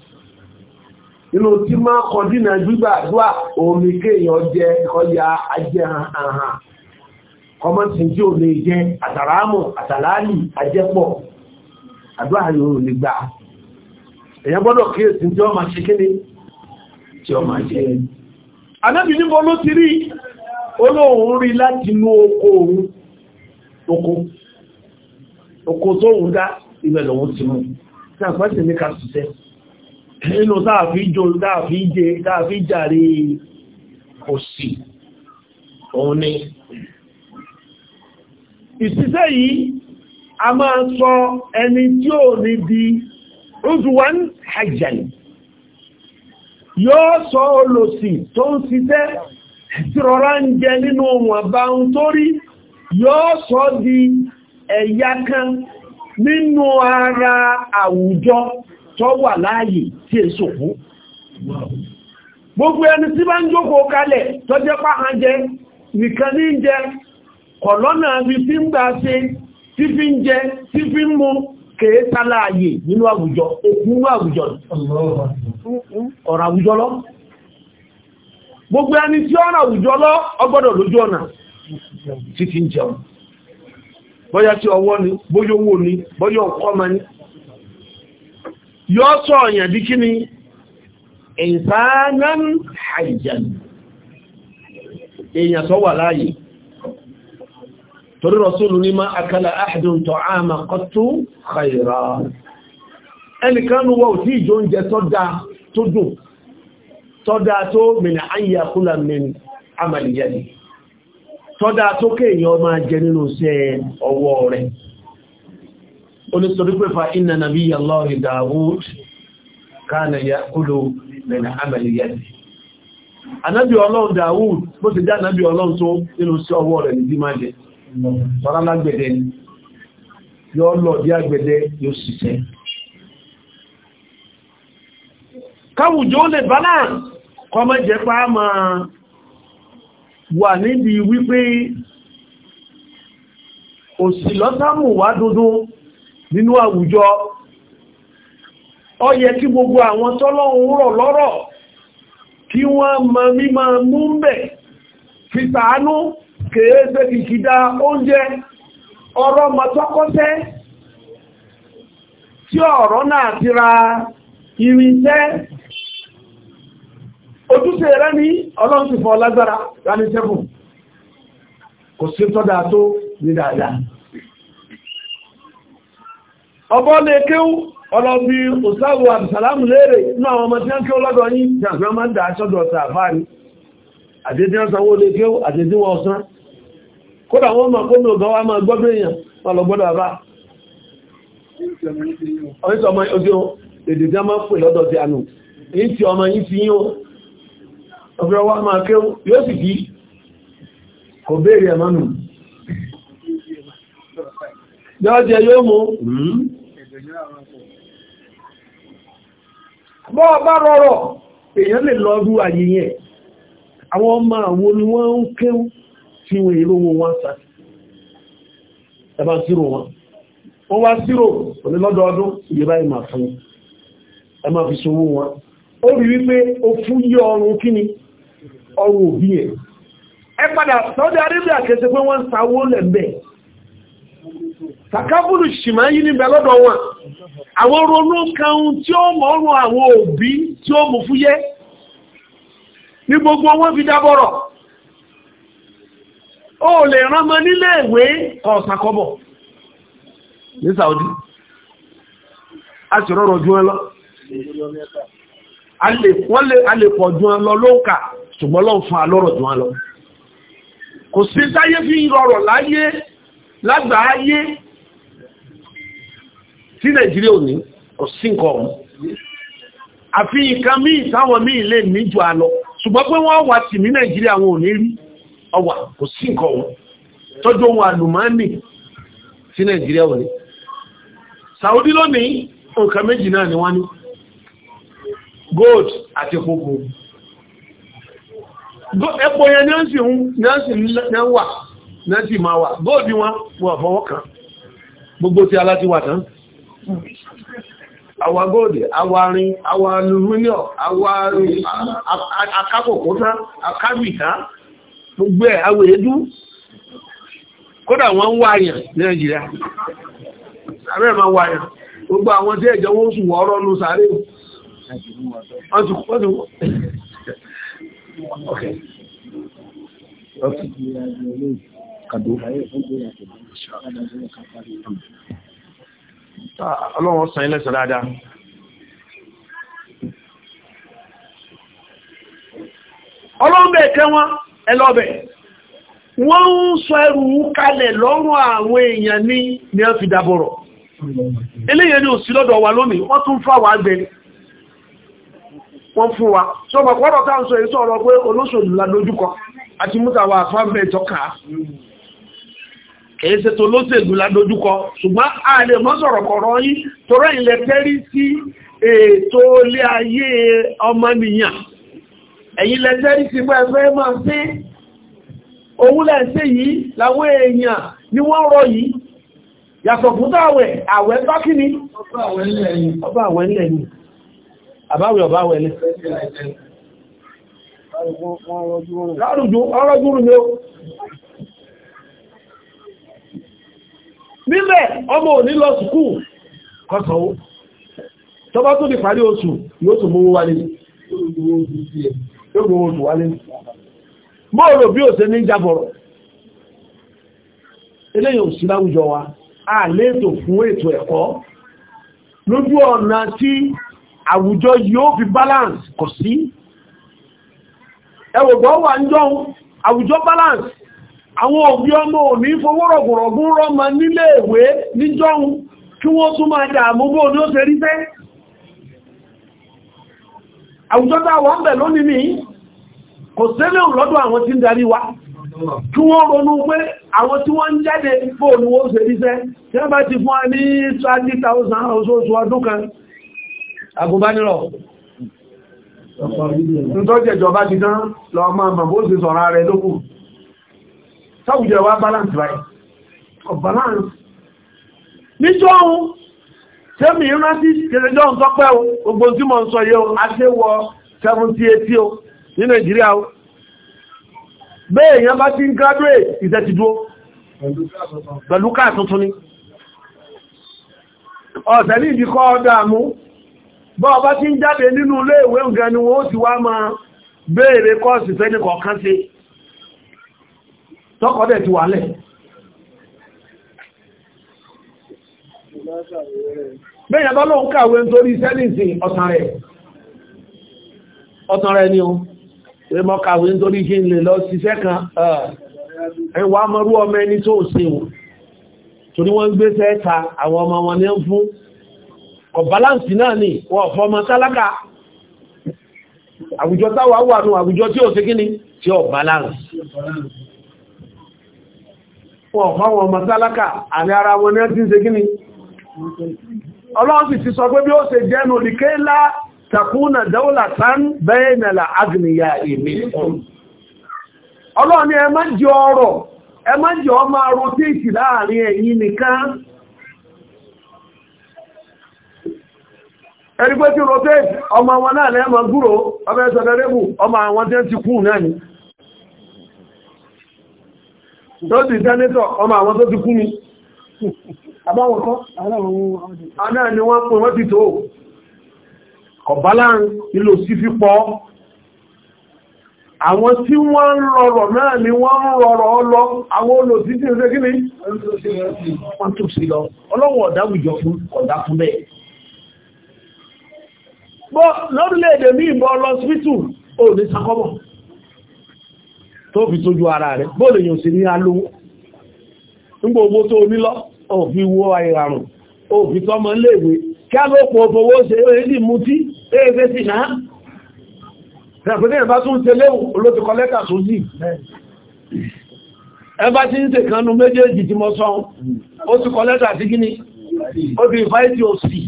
nínú tí máa kọ dínà gbígbàdúà omi kéèyàn jẹ ọya ajẹ́ àhàn kọmọ tí tí ò lè jẹ àtàràmù àtàlálì ajẹ́pọ̀ àdúrà yóò lè gbà èyàn gbọ́dọ̀ kíyèsí tí ó máa ṣe kíní tí ó máa jẹ anábì níbo ló ti rí olóhun rí láti inú oko òun oko oko tó dá ibẹ̀ lòun ti mú inú táàfí jò táàfí jàrí òsì òun ni ìsìsẹ́ yìí a máa sọ ẹni tí ó ní di rúdùwán hajjani yóò sọ olòsì tó ń ṣiṣẹ́ tí rọra ń jẹ nínú ohun àbá ń torí yóò sọ di ẹ̀yà kan nínú ara àwùjọ tó wà láàyè tí è sòkú gbogbo ẹni tí bá ń jókòó kalẹ̀ tó jẹ́ páhán jẹ nìkan ní jẹ kọ̀lọ́nà rí fi ń gbà ṣe tí fi ń jẹ tí fi ń mú kèé nínú àwùjọ àwùjọ àwùjọ lọ gbogbo ẹni tí lọ ọgbọ́dọ̀ lójú ọ̀nà ń jẹun ni bóyá ni bóyá ọkọ́ ma yóò sọ ọ̀yàn bí kí ni insanan hajjan èèyàn tó wà láàyè torí rọ̀súlù ní ma akala ahadun ta'ama qattu khayra ẹnìkan wọ́n ò tí ìjọ oúnjẹ tó dá tó dùn tó dá tó mìnà ayyà kúlà mìnà amaliyani tó dá tó kéèyàn máa jẹ nínú iṣẹ́ ọwọ́ rẹ̀ onítorí pé fa inna nabiyya Allahi Dawud kana ya'kulu min 'amali yadihi anábí ọlọ́run Dawud bó ti dá anábí ọlọ́run tó nínú sí ọwọ́ rẹ̀ ní dímájẹ̀ sọ́lálágbẹ̀dẹ̀ yóò lọ bí agbẹ̀dẹ̀ yóò ṣiṣẹ́ káwùjọ lè balance kọmọ nínú àwùjọ ọ yẹ kí gbogbo àwọn tọ́lọ́run rọ̀ lọ́rọ̀ kí wọ́n mọ mímọ̀ mú mẹ́ fi tàánú kèése kìkìdá oúnjẹ ọ̀rọ̀ mọ̀tọ́kọ́tẹ́ tí ọ̀rọ̀ náà ti ra irinṣẹ́ ojúṣe rẹ̀ ní ọlọ́run lágbára ní ọbọ́ lè kéwú ọlọ́bí òsáàwò àbìsàlámù léèrè ní àwọn ọmọ tí wọ́n kí ó lọ́dọ̀ yí tí àfihàn máa ń dà ṣọ́dọ̀ sàfáàrí àdédé ọ̀sánwó lè kéwú àdédé wọ́n ọ̀sán kódà wọ́n mọ̀ kó ní ọ̀gá wa máa gbọ́dọ̀ èèyàn wọ́n lọ gbọ́dọ̀ bá ọ̀yíṣọ́ ọmọ ojú èdèdé ọmọ pè lọ́dọ̀ wa máa kéwú yóò sì kí kò béèrè ẹ̀mọ́nù Yọ́ jẹ yóò mú, hmm bọ́ ọba rọrọ̀ èèyàn lè lọ rú àyè yẹn àwọn ọmọ àwọn ni wọ́n ń kéwú tí wọ́n èrò wọn wọ́n sá ẹbá sírò wọn wọ́n wá sírò òní lọ́dọọdún ìyẹ̀bá ìmà fún ẹ máa fi ṣòwò wọn ó rí wípé ó fún yí ọrùn kíni ọrùn òbí yẹn ẹ padà sọ́dẹ̀ arábíà kẹsẹ̀ pé wọ́n ń sawó lẹ́m̀bẹ̀ẹ́ takabulu ṣìmáyí ní bẹ̀lọ́dọ̀ wọn àwọn ronú kan tí ó mọ́rún àwọn òbí tí ó mú fúyẹ́ ní gbogbo wọn fi dábọ̀rọ̀ ó lè ránmọ nílé ìwé kọ̀ọ̀sàkọ́bọ̀ ní Saudi a sì rọrọ̀ jù ẹ lọ a lè pọ̀ jù ẹ lọ lóǹkà ṣùgbọ́n lọ́n fún alọ́rọ̀ jù ẹ lọ kò sí táyé fi rọrọ̀ láyé lágbàáyé tí nàìjíríà ò ní ọ̀sínkọ̀ ọ̀hún àfi nǹkan míì táwọn míì lè níjọ àlọ ṣùgbọ́n pé wọ́n wà tì ní nàìjíríà wọn ò ní rí ọwà kò sí nǹkan tọ́jú ohun àlùmọ́ọ́nì tí nàìjíríà ò ní Saudi lónìí nǹkan méjì náà ni wọ́n ní gold àti epo epo yẹn ni ó sì ń wà nẹ́tì máa wà góòdì wọn wọ́n fọwọ́ kan gbogbo tí aláti wà tán àwa góòdì àwa rin àwa aluminiọ̀ àwa akákòkò tán akábìtá gbogbo ẹ̀ àwọ̀ èédú kódà wọ́n ń wáyàn ní Nàìjíríà àbẹ́rẹ̀ máa wáyàn gbogbo àwọn tí ẹ̀jọ́ wọ́n sùn wọ́ọ́rọ́ nù sáré Okay. Okay. kàdó. Ah, ọlọ́run ilẹ̀ sàn ọlọ́run bẹ̀ wọn ẹlọ́bẹ̀ wọ́n ń sọ ẹrù kalẹ̀ lọ́rùn àwọn èèyàn ní ní ẹ fi dábọ̀rọ̀ eléyẹ ni lọ́dọ̀ wa lónìí wọ́n tún fà wá wa kìí ṣe tó lóṣèlú ládójúkọ ṣùgbọ́n a lè mọ́ sọ̀rọ̀ kọ̀rọ̀ yín torọ́ ilẹ̀ tẹ́rí sí ètò ilé ayé ọmọnìyàn ẹ̀yin lẹ tẹ́rí sí pé ẹgbẹ́ máa ṣe òun lẹ́ṣẹ́ yìí ni wọ́n rọ ni ọba àwẹ̀ ńlẹ̀ ni àbáwẹ̀ ọba àwẹ̀ ni ó, níbẹ̀ ọmọ òní lọ sùkú kọsànwó tó tó di parí oṣù yóò tún mówó wálé yóò oṣù wálé bí wa a léètò fún ètò ẹ̀kọ́ lójú ọ̀nà tí àwùjọ yóò fi balance kọsi. sí ẹwọ̀gbọ́ wà ń jọ àwùjọ àwọn òbí ọmọ òní fowórọ̀gùrọ̀gùn rọ́mọ nílé ìwé níjọ́un kí wọ́n tún máa dà múgbò ní ó ṣe rí fẹ́ àwùjọ́ta wọ́n bẹ̀ lónìí ní kò sẹ́lẹ̀ lọ́dọ̀ àwọn tí ń darí wa kí wọ́n ronú pé àwọn tí wọ́n ń jáde fóònù ó ṣe rí fẹ́ tí wọ́n bá ti fún wa ní 20,000 oṣooṣù ọdún kan agùnbánirọ̀ ń tọ́jẹ̀jọba ti dán lọ káwùjọ wá balance right of balance níjọ́ ohun tí èmì rántí kẹrẹjọ́ ń tọ́pẹ́ o gbogbo tí mọ̀ ń sọ yẹ́ o aṣẹ́wọ̀ 78 o ní Nàìjíríà o bẹ́ẹ̀ èèyàn bá ti ń graduate ìtẹ́tìdúó pẹ̀lú káà tuntun ni ọ̀sẹ̀ ní ìdíkọ́ ọ̀dàmú bọ́ ọba ti ń jáde nínú ilé ìwé ǹgan ni wọ́n ti wá máa béèrè kọ́ọ̀sì fẹ́ ní kọ̀ọ̀kan sí tọ́kọ̀ dẹ̀ ti wà lẹ̀ bẹ́yàn bá lóun kàwé nítorí sẹ́lìsì ọ̀tàn rẹ̀ ọ̀tàn rẹ̀ ni o mọ́ lè lọ síṣẹ́ kan ẹwà mọ́rú ọmọ ẹni tó ṣe o torí wọ́n gbé sẹ́ẹ̀ta àwọn ọmọ wọn ni ń fún kọ̀ balansi náà ni wọ́n fọ́ ọmọ tálákà àwùjọ táwà wà nù àwùjọ tí ò sí balansi wọ́n fáwọn ọmọ sálákà àní ara wọn ní ẹ́ tí ṣe gíní ọlọ́run sì ti sọ pé bí ó ṣe jẹ́ nù lè kéèlá takúnà dáúlà tán bẹ́ẹ̀ nàlà agniya èmi ọlọ́run ni ẹ má jẹ ọrọ̀ ẹ má jẹ ọmọ rotéètì láàrin ẹ̀yin nìkan ẹni pé tí rotéètì ọmọ wọn náà lẹ́ẹ̀mọ̀ tó ti jẹ́nẹ́tọ̀ ọmọ àwọn tó ti kú mi àbáwọn kọ́ anáà ni wọ́n pín wọ́n ti tó ọ̀bálán ìlò sí fípọ́ àwọn tí wọ́n ń rọrọ̀ náà ni wọ́n ń rọrọ̀ ọlọ àwọn olòsíjì ń rẹ́gí ní wọ́n tó sí lọ ọlọ́wọ̀ ọ̀dáwùjọ fún ọ̀dá fún bẹ́ẹ̀ bọ́ lórílẹ̀-èdè ní ìbọn lọ sípítù ò ní sakọ́bọ̀ tó fi tójú ara rẹ̀ bóòlù èyàn sí ní alówó nígbò owó tó nílọ òfin wo àìràrùn òfin tọ́mọ léèwé kí a lóòpọ̀ òfowó ṣe èdè mú tí èèfẹ́ sí náà rẹ̀pẹ̀lẹ̀ bá tún tẹ́lẹ̀ olóti kọlẹ́kà tó jì ẹbá tí ń tẹ kanú méjèèjì tí mọ́ sọ ó ti kọlẹ́kà sí gíní ó ti fáìtì òsì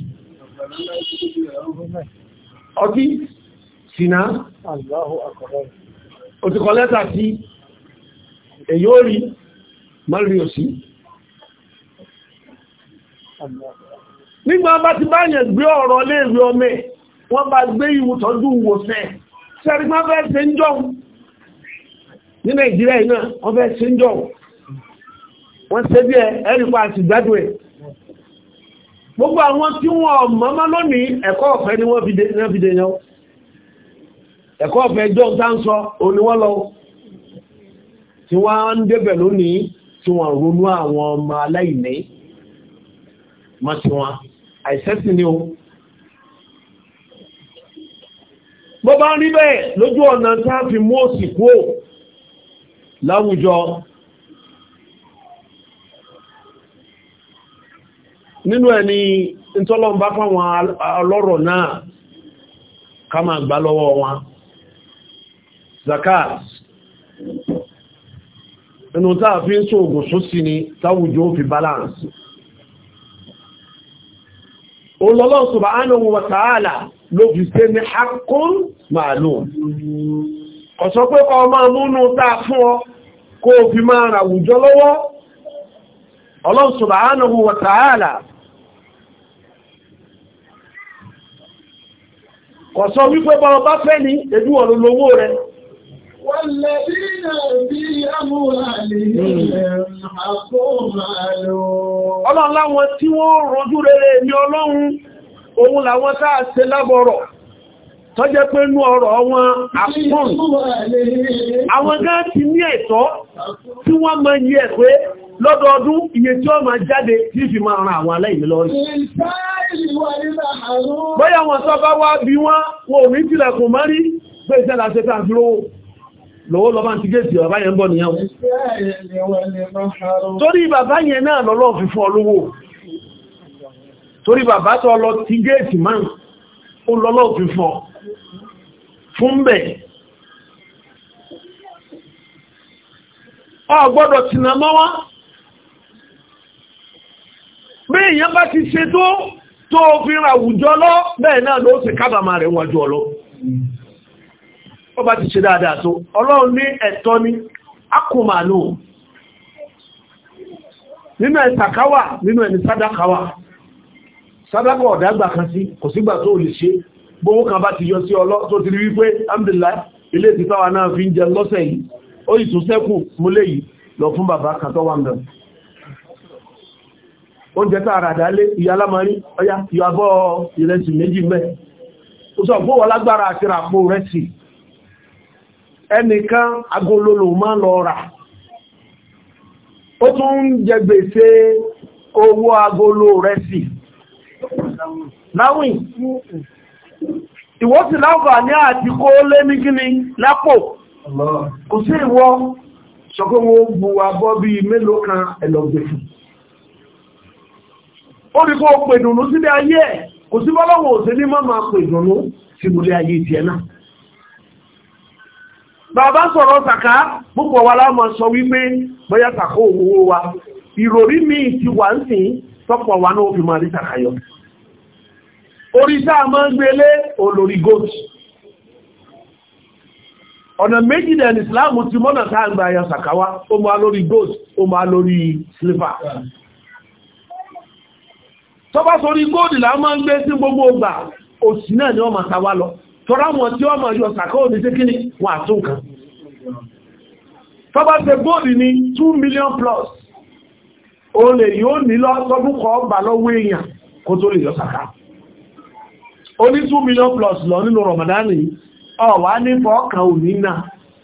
ọtí sínà Allahu o ti kọ lẹ́tà sí èyí ó rí mọ́rí ò sí nígbà bá ti bá yẹn gbé ọ̀rọ̀ léèrè ọmọ wọ́n bá gbé ìwò tọ́jú ìwòsẹ̀ sẹ́rí má fẹ́ ṣe ń jọun ní nàìjíríà iná wọ́n fẹ́ ṣe ń jọun wọ́n ṣe bí ẹ̀rípa àti gbádùn ẹ̀ gbogbo àwọn tí wọ́n mọ́mọ́ lónìí ẹ̀kọ́ ọ̀fẹ́ ni wọ́n fi dé ẹ̀kọ́ ọ̀fẹ́ ẹjọ́ sáńsọ oníwọ́lọ́ tí wọ́n ń débẹ̀ lónìí tí wọ́n ronú àwọn ọmọ aláìní mọ́ sí wọn àìsẹ́sì ni o bọ́ bá ń rí bẹ́ẹ̀ lójú ọ̀nà tá fi mú òsì kú ò láwùjọ nínú ẹni ìtọ́lọ́mbá fáwọn ọlọ́rọ̀ náà ká máa gbà lọ́wọ́ wọn zakat inú táà fi ń ṣòògùn sósì ni táwùjọ fi balance Olọ́lọ́run subhanahu wa ta'ala ló fi ṣe ní haqqun ma'lum. Ọ̀sọ́ pé kọ máa múnú táa fún ọ kó fi máa rà wùjọ lọ́wọ́. Ọlọ́run subhanahu Wataala. ta'ala kọ̀sọ́ wípé bọ́ bá fẹ́ ní ẹjú ọ̀rọ̀ lówó rẹ̀. Wàlẹ̀dínà bí àmúhà lè rẹ̀ àpò màálò. Ọlọ́run láwọn tí wọ́n rojú rere ní ọlọ́run, òun làwọn táà ṣe lábọ̀rọ̀ tó jẹ́ pé ní ọ̀rọ̀ wọn àpọ̀n àwọn gá ti ní ẹ̀tọ́ tí wọ́n mọ yí ẹ̀ pé lọ́dọọdún iye tí ó máa jáde tí fi máa ran àwọn aláìní lọ́rí bóyá wọn sọ bá lọ́wọ́ lọ bá ń ti gẹ́ẹ̀sì bàbá yẹn bọ́ nìyàn torí bàbá yẹn náà lọ́lọ́ fi fún ọlọ́wọ́ torí bàbá tó lọ ti gẹ́ẹ̀sì máa ó lọ́lọ́ fi fún ọ fún bẹ̀ ọ gbọ́dọ̀ tìnà mọ́ wá bí èèyàn bá ti ṣe tó tó fi ra lọ bẹ́ẹ̀ náà ló ó bá ti ṣe dáadáa tó ọlọ́run ní ẹ̀tọ́ ní akùnmànú nínú ẹ̀sàkáwà nínú ẹni sádákàwà sádákà ọ̀dágbà kan sí kò sígbà tó lè ṣe gbówó kan bá ti yọ sí ọlọ́ tó ti rí wípé amdìlá ilé ti táwa náà fi ń jẹ lọ́sẹ̀ yìí ó yìí tún sẹ́kù múlé yìí lọ fún bàbá kan tó wà mẹ́rin oúnjẹ tá ara dálé ìyá ọya ìyàbọ̀ ìrẹsì méjì mẹ́ ó sọ gbówó lágbára àti ràpò rẹsì ẹnìkan agololo lọ rà ó tún ń owó agolo rẹ̀ sí láwìn ìwọ sì láwọ̀ ní àti kó lé ní lápò kò sí sọ bu bí mélòó kan ẹ̀lọ́gbẹ̀fù ó rí kó pèdùnú sílé ayé ẹ̀ kò sí bọ́lọ́wọ̀ mọ́ bàbá sọ̀rọ̀ sàká púpọ̀ wa lámọ̀ sọ wípé bóyá sàká owó wa ìròrí mi ti wà ń sìn tọ́pọ̀ wa náà fi máa rí sàká yọ máa gbélé olórí goat ọ̀nà méjì dẹ̀ Islam ti mọ́nà tá àgbà ayọ sàkáwá ó máa lórí goat ó máa lórí slipper tọ́bá sórí goat là ni wọ́n tọ́rọ àwọn tí wọ́n mọ̀ yọ sàkọ́ òní sí kí ni wọ́n kan tọ́bá ṣe góòlì ní 2 million plus o lè yóò nílọ bà lọ́wọ́ èèyàn kó tó lè yọ sàkà o ní 2 plus lọ nínú Ramadani ọ̀wá ní fọ́ọ̀kan òní náà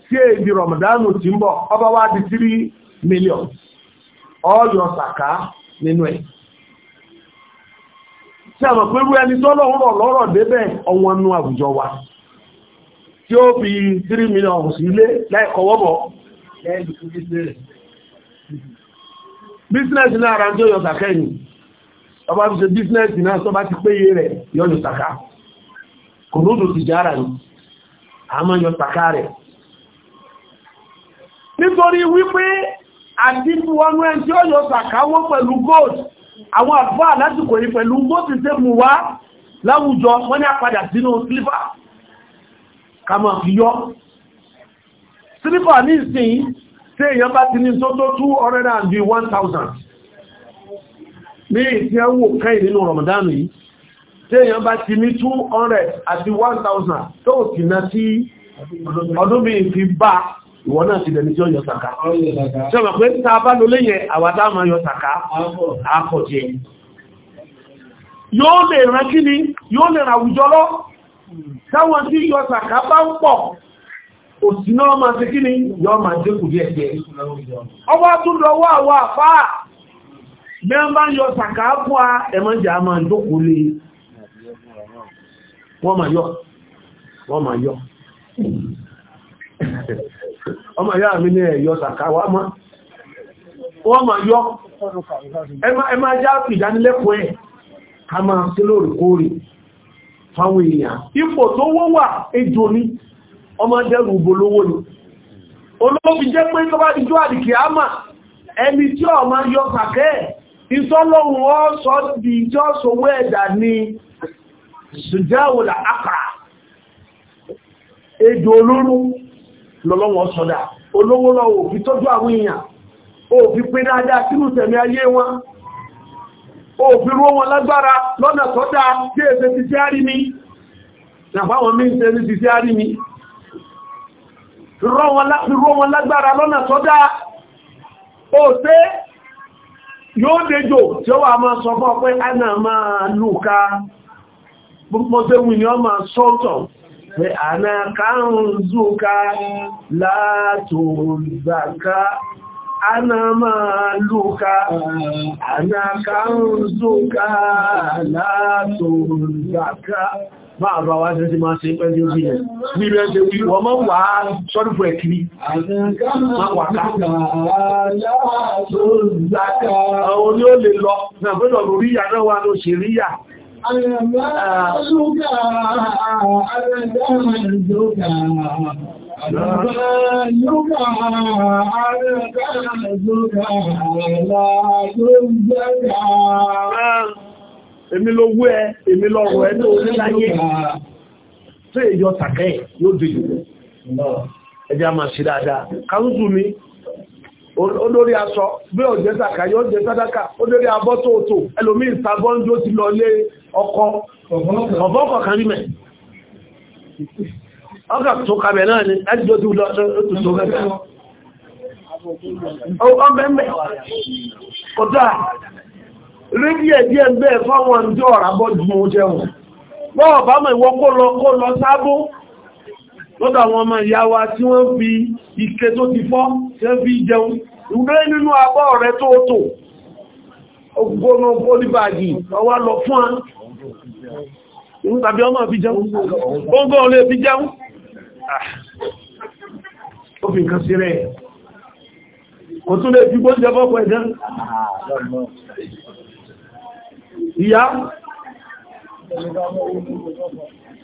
tí èdè Ramadani ti ń bọ̀ wá di 3 million sàkà nínú tí a mọ̀ pé rú ẹni tó lọ́rùn rọ̀ lọ́rọ̀ débẹ̀ ọwọ́n nú àwùjọ wa tí ó fi 3 million sí ilé láìkọwọ́bọ̀ business náà ara tí ó yọ sàkẹ́ yìí ọba fi ṣe business náà tó bá ti péye rẹ̀ yọ yọ sàká kò lóòdò ti jára ní àmọ́ yọ sàká rẹ̀ nítorí wípé àti wọnú ẹni tí ó yọ sàká wọ́n pẹ̀lú gold àwọn àfá lásìkò yìí pẹ̀lú bó ti ṣe mú wá láwùjọ wọ́n ní àpadà sínú sílífà kàmọ̀ yọ sílífà ní ìsìn tí èyàn bá ti ní tó tó 201,000 ní ìsìn ẹwò kẹ́yìn nínú Ramadan, yìí tí èyàn bá ti ní 200 àti 1,000 tó ti ná sí ọdún bí fi bá ìwọ náà ti dẹni tí ó yọ sàká tí ó mọ̀ pé ta bá ló léyẹ ma yọ sàká àkọ̀jẹ́ yóò lè rán kí ni yóò lè ràn àwùjọ lọ táwọn tí yọ bá ń pọ̀ òsì náà ma ṣe kí ni yọ ma jẹ́ kù díẹ̀ díẹ̀ a wọ́n máa ọmọ ìyá mi ní ẹ̀yọ sàkáwà mọ́ wọ́n ma yọ́ ẹ ma já ìdánilẹ́kọ̀ọ́ ẹ̀ ká máa sí lóòrèkóòrè fáwọn èèyàn ipò tó wọ́ wà ejò ní ọmọ jẹ́rù bolówó ni olóòfi jẹ́ pé tó bá dijọ́ àdìkì àmà ẹni tí ọ ma yọ ìsọ́lọ́run ọ sọ di ìjọ́ ẹ̀dà ni ejò lọ́lọ́wọ́ sọ́dá olówó lọ tọ́jú àwọn èèyàn òfi pín dáadáa sínú tẹ̀mí ayé wọn òfi ruo wọn lágbára lọ́nà tọ́dá tí èsẹ ti tí mi nàfáwọn mí ní ti tí mi wọn lágbára lọ́nà tọ́dá yóò tí ó wà máa sọ fọ́ pé a náà máa lù ká ana àná káhùn zúká látò zàká àná máa lúká àná káhùn zúká látò máa bá wá tẹ́sí máa ṣe pẹ́lú orí ẹ̀ wí wọ́n mọ́ wà sọ́dúnfò ẹ̀kiri máa àwọn ni ó lè lọ náà wà Èmi ló wú ẹ, èmi lọ́rọ̀ ẹ ní orí láyé. Tí èyí ọ̀tàkẹ́ yóò dìjù. Ẹjá máa ṣe dáadáa. Kàrùsù mi, olórí aṣọ bí ò jẹ́ sàkà yóò jẹ́ sàdákà olórí abọ́ tóòtò ẹlòmí ìsàbọ́ ń jó ti lọ lé ọkọ ọ̀fọ́ kọ̀kan rí mẹ́ ọkà tó kàbẹ̀ náà ni ẹjọ́ tó lọ tó gẹ́gẹ́ ọmọ kọ̀dá rídí ẹ̀dí ẹgbẹ́ fáwọn ọjọ́ ọ̀rà bọ́ jùmọ̀ jẹun bọ́ọ̀ bá mọ̀ ìwọ kó lọ sábó lọ́dọ̀ àwọn ọmọ ìyá wa tí wọ́n fi ike tó ti fọ́ tí wọ́n fi jẹun ìgbé nínú abọ́ rẹ̀ tó tò ogbónà olíbàgì ọwá lọ fún án tàbí ọmọ fi jẹun gbogbo olè fi jẹun ah. ó fi nǹkan sí rẹ̀ kò tún lè fi gbóúnjẹ fọ́pọ̀ ẹ̀dán ìyá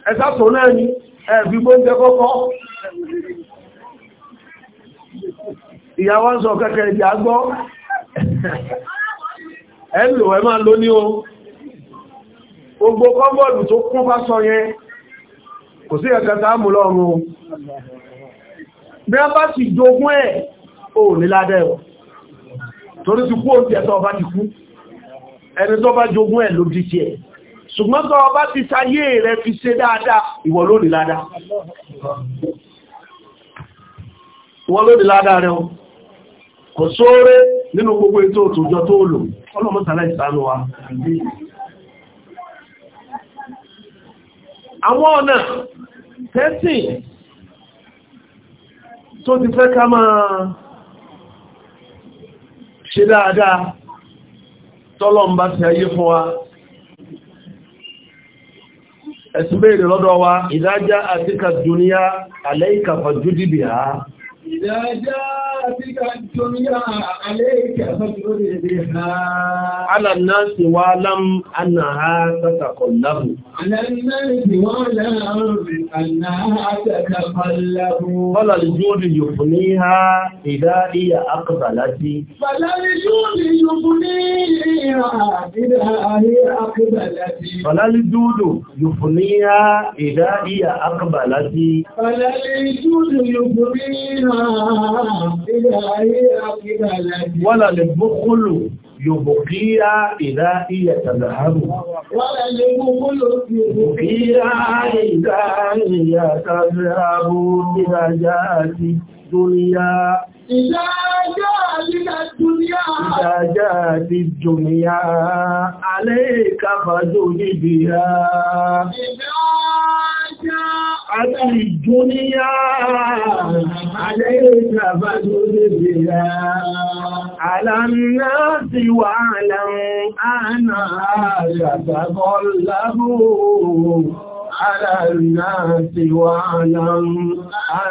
ẹ̀sá tó náà ni ẹ̀fí gbóúnjẹ kọ́kọ́ ìyàwó ń sọ kẹ́kẹ́ ìdí agbọ́ ẹ̀lò ẹ máa lò ní o gbogbo kọ́bọ̀lù tó kún bá sọ yẹn kò sí ẹ̀kẹta mú lọ́rùn bí a bá ti jogún ẹ̀ ò níládẹ́ ọ̀ torí ti kú oúnjẹ tó bá ti kú ẹni tó bá jogún ẹ̀ ló di ti ẹ̀ ṣùgbọ́n tó ọba ti sayé rẹ̀ fi ṣe dáadáa ìwọ lónìí ládá ìwọ lónìí ládá rẹ̀ o kò sóre nínú gbogbo ètò òtòjọ tó lò ọlọ́mọ́sàlá ìsànú wa àwọn ọ̀nà tẹ́sìn tó ti fẹ́ ká máa ṣe dáadáa tọ́lọ́mbá ti ayé fún wa ẹ̀sùn béèrè lọ́dọ̀ wa ìdájá àtíkà dúníyà àlẹ́ ìkàfà jùdí bìí إذا جاءتك الدنيا عليك فاجرد على الناس واعلم أنها تتقلب على الناس واعلم أنها تتقلب فلا الجود يفنيها إذا هي أقبلت فلا الجود يفنيها إذا هي أقبلت فلا الجود يفنيها إذا هي أقبلت فلا الجود يفنيها ولا للبخل يبقي إلى هي تذهب ولا للبخل يبقي إذا هي تذهب إلى جاءت الدنيا إذا جاءت الدنيا إذا جاءت الدنيا عليك فجد بها إذا جاءت على الدنيا عليك فتدبرا على الناس واعلم أنا يتطلبون على الناس واعلم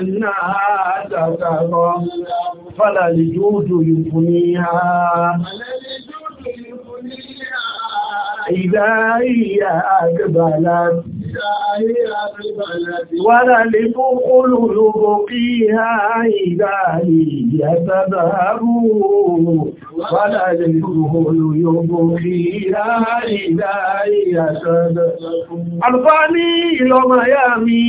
أنها تتغم فلا الجود يفنيها إذا هي أقبلت ولا لتقلب فيها إذا هي تذهب ولا لتقلب فيها إذا هي تذهب Àlùfáàní ìlọ́mà yá mi,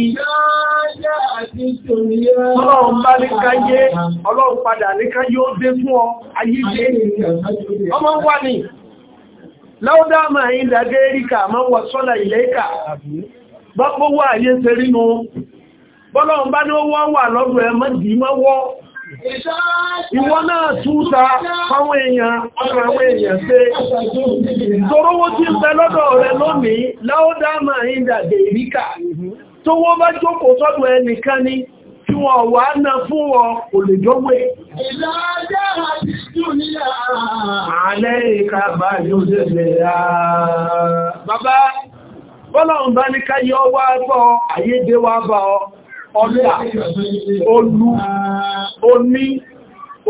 ọlọ́run bá ní káyé, ọlọ́run padà ní káyé ó dé fún ọ, ayé láúdá máa ń dàgé ríkà máa ń wọ̀sọ́lá bá kó wà ayé serínú bọ́lọ́run bá ní ó wọ́n wà lọ́dọ̀ ẹ mọ́dí mọ́wọ́ ìwọ náà túta fáwọn èèyàn ọ̀rọ̀ àwọn èèyàn pé torówó tí ń lọ́dọ̀ rẹ lónìí ríkà bá tí wọ́n wà ná fún wọn kò lè jọ́wé. Ìlàjá àti Júníà. Àlẹ́ ìka bá yóò dẹ̀lẹ̀ yá. Bàbá, bọ́lọ̀un bá ní ká yọ wá bọ́ ayédé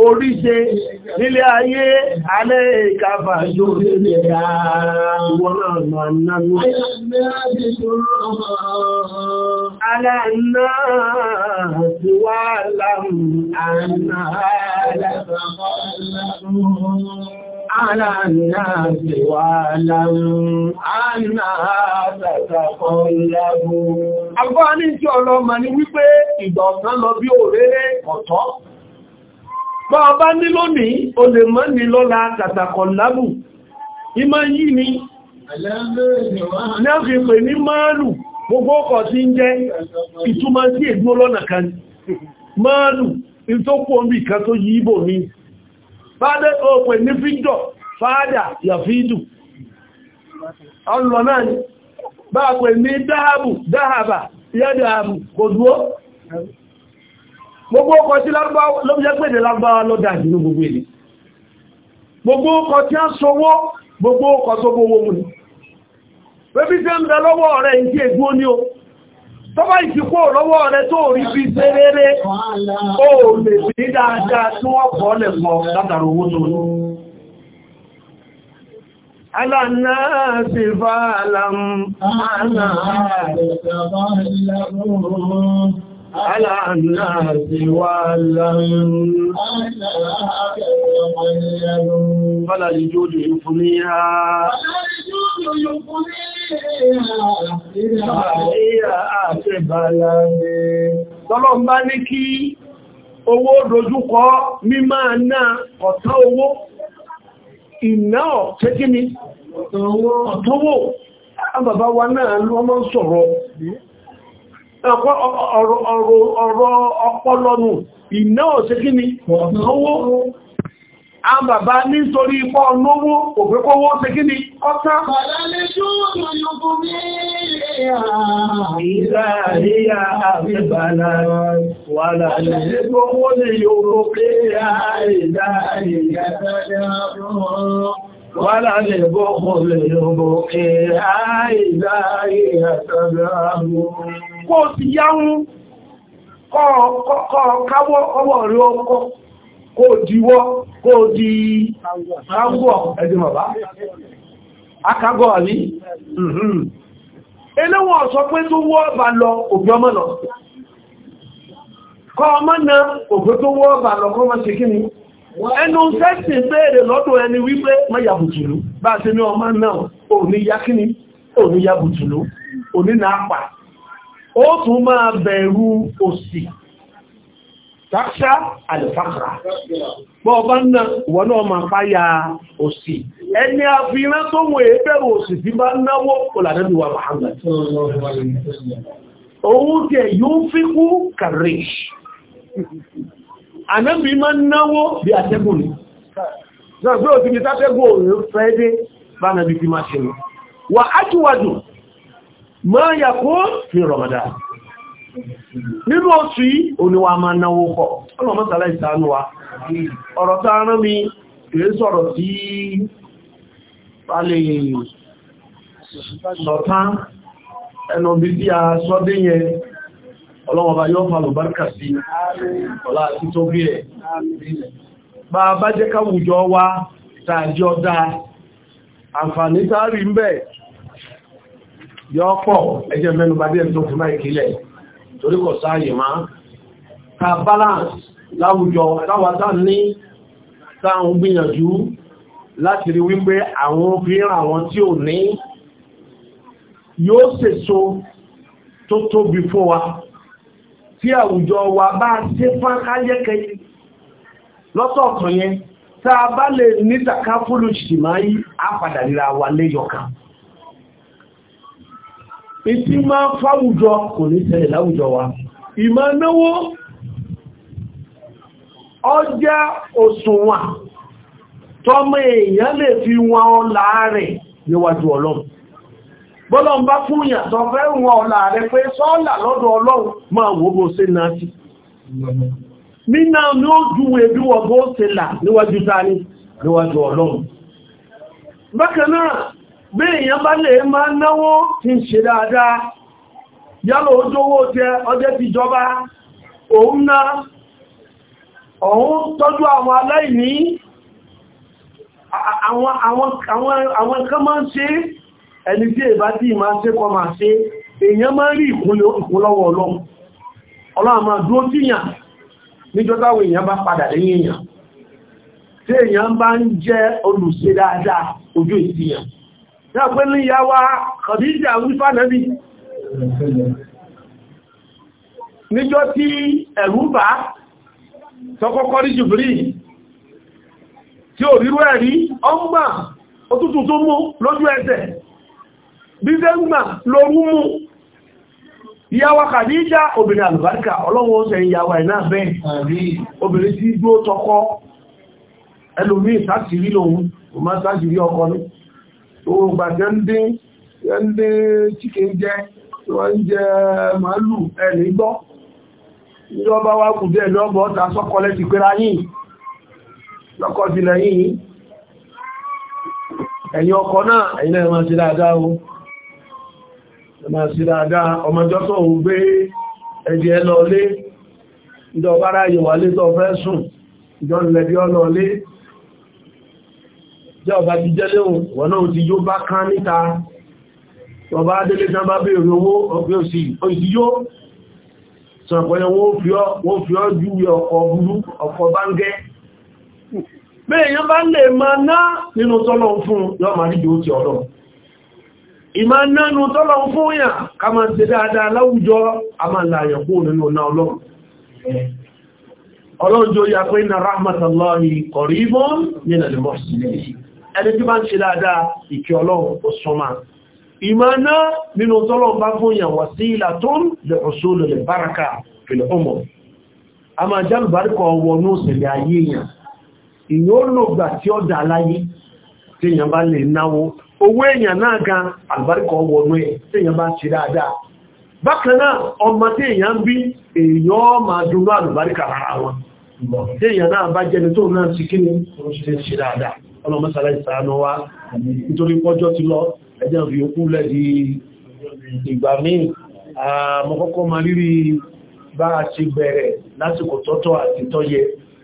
oríṣe nílé ayé alẹ́ ìkàfà yóò rí àwọn àmànàmú aláàná ti wá láàmù àná Aláàná ti wá láàmù àná àtàkọ́ láàmù. Àgbọ́ ní tí ọlọ́mà ní wípé ìgbà ọ̀sán lọ bí òréré ọ̀tọ̀ bá ọba ní lónìí o lè mọ́ ní lọ́la tàtàkọ̀ lábù ìmọ̀ yìí ni lẹ́fì pè ní máàlù gbogbo ọkọ̀ tí ń jẹ́ ìtumọ̀ sí èdú ọlọ́nà kan máàlù in tó pọ̀ mí kan tó yí ibò ní fádẹ́ òpè ní fíjọ fádà yàfíjù ọlọ́nà gbogbo ọkọ̀ tí lọ́gbẹ́gbẹ̀dẹ̀ lágbára ló dà jù ní gbogbo èdè gbogbo ọkọ̀ tí a sọwọ́ gbogbo ọkọ̀ tó gbogbo mú ní pẹ́bí tí ó ń bẹ lọ́wọ́ rẹ̀ ìdí ègbó ní o tó bá ìtìkó lọ́wọ́ rẹ̀ tó rí bí sẹ́rẹ́rẹ́ على الناس وعلم فلا لجود يفنيها Tọ́lọ́m bá ní kí owó dojúkọ mímá náà ọ̀tán owó, ìná ọ̀tẹ́ kí ni? Ọ̀tán owó. Àwọn bàbá wa náà lọ́mọ́ sọ̀rọ̀ ọ̀rọ̀ ọpọlọ́nù ìná òṣè kí ni owó a bàbá nítorí ipọ́ ọlọ́wó òfẹ́kọ́wó ṣe kí ni ọta Ìlàríyà àbíbàlá wà láàrín gbogbo ní yóò bọ́ ọ̀lẹ̀ àìdáyé àtàrà àwọn kó o sì yá ń kọ́ káwọ́ ọwọ́ rí ọkọ́ kó o diwọ́ kó o di ṣáwọ́ ẹ̀dùn mhm. pé tó wọ́ ọba lọ òbí ọmọ lọ kọ́ ọmọ náà òbí tó wọ́ ọba lọ kọ́ kí ni ẹnu sẹ́sìn lọ́dọ̀ ẹni wípé má bá ní ọmọ náà òní ni òní òní náà pàá ó tún máa bẹ̀rù òsì tàṣà àlùfàkàrà bọ́ ọba ń náà wọ́n náà máa fáyà òsì ẹni àfihàn tó mú èébẹ̀rù òsì tí bá náwó olàdẹ́bí wa Muhammad òun tẹ̀ yóò fi kú kàríṣ ànábì máa náwó bí àtẹ́gùn ní náà gbé òsì máa ya kó fi rọ̀mọ̀dá nínú oṣù yìí oníwà ma náwó kọ́ ọlọ́mọ́sàlá ìsànú wa ọ̀rọ̀ tó rán mi kìí sọ̀rọ̀ sí palẹ̀ sọ̀tán ẹnu bí i a sọ́dé yẹn ọlọ́mọba yóò sí ọlá àti tó bí ẹ̀ bá bá jẹ́ káwùjọ wa dáa yọ pọ̀ ẹjẹ́ mẹ́nu bá díẹ̀ tó fi máa ìkílẹ̀ torí kò sáàyè máa ka balance láwùjọ láwàtá ní sáàun gbìyànjú láti rí wípé àwọn obìnrin àwọn tí ò ní yóò sèso tó tóbi fún wa tí àwùjọ wa bá ṣe fán káyẹ́kẹ́yẹ lọ́tọ̀ọ̀kan yẹn tá bá lè ní tàkà fúlù ṣìmáyí á padà ríra wa léyọ̀kan ìtí máa fáwùjọ kò ní ṣẹlẹ̀ láwùjọ wa náwó ọjá òsùnwà tọ́mọ èèyàn lè fi wọn ọlá níwájú ọlọ́run bá fún ìyàtọ̀ fẹ́ wọn pé sọ́ọ̀là lọ́dọ̀ ọlọ́run máa bó náà sí nínà ní ó wọ́n bó bí èèyàn bá lè máa náwó ti ń ṣe dáadáa yálò ojówó jẹ ọjẹ́ ti jọba òun ná òun tọ́jú àwọn aláìní àwọn kan máa ń ṣe ẹni tí èbá tí ìmá ṣe kọ máa ṣe èèyàn máa rí ìkúnlọ́wọ́ ọlọ́run ọlọ́run máa dúró tíyàn tí Yàpẹ́ ní ìyá wa Khadija wífà nẹ́bí. Níjọ́ tí ẹ̀rù bá tọkọ́kọ́ rí Jùbìrí tí ò rírú ẹ̀rí, ọmọ òtútù tó mú lójú ẹsẹ̀. Bídẹ́gbà lórú mú. Ìyá wa Khadija obìnrin àlùbáríkà ọlọ́wọ́ ṣe ìyá wa ìná bẹ́ẹ̀. Obìnrin tí gbó tọkọ ẹlòmí ìsásìrí lòun, òmá sásìrí ọkọ ní. gbogbo gbàtẹ́ ndị ndị chike jẹ́ wọ́n jẹ́ màálù ẹ̀lì gbọ́ ní ọba wa kù bí ẹ̀lì ọgbọ̀ ọ̀ta ti pẹ́ra yìí lọ́kọ́ ti yìí ẹ̀yìn ọkọ̀ náà ẹ̀yìn ẹ̀mà sí dáadáa jẹ́ ọba ti jẹ́ léhùn wọ́n náà ti yóò bá kán níta ọba adélé tán bá bèèrè owó ọgbẹ́ òsì òsì yóò sọ̀pọ̀lẹ̀ wọ́n fi ọ́ ju ọkọ̀ burú ọkọ̀ báńgẹ́ bẹ́ẹ̀yàn bá lè ma ná nínú tọ́lọ̀ fún yọ́ ma rí jòó ti ọ̀rọ̀ ìmá nánú tọ́lọ̀ fún yà ká ma ṣe dáadáa láwùjọ nínú náà ọlọ́run ọlọ́run ẹni tí bá ń ṣe dáadáa ìkẹ́ ọlọ́run ó súnmọ́ ìmọ̀ná nínú tọ́lọ́run bá fún yàn wasilatun li husulil baraka fil umur a máa jálù báríkọ wọnú òsèlè ayé èèyàn ìyó lògbà tí ó dà láyé tí èèyàn bá lè náwó owó èèyàn náà gan àlùbáríkọ wọnú ẹ̀ tí èèyàn bá ṣe dáadáa bákanáà ọmọ tí èèyàn ń náà bá jẹ́ni tó náà ti kí ni ó ṣe dáadáa ọlọ́mọ́sára ìsànà wá nítorí pọ́jọ́ ti lọ ẹjẹ́ fi ó kúnlẹ̀ di ìgbà míì àmọ́kọ́kọ́ ma rírí bá a ti bẹ̀rẹ̀ lásìkò tọ́tọ́ àti tọ́yẹ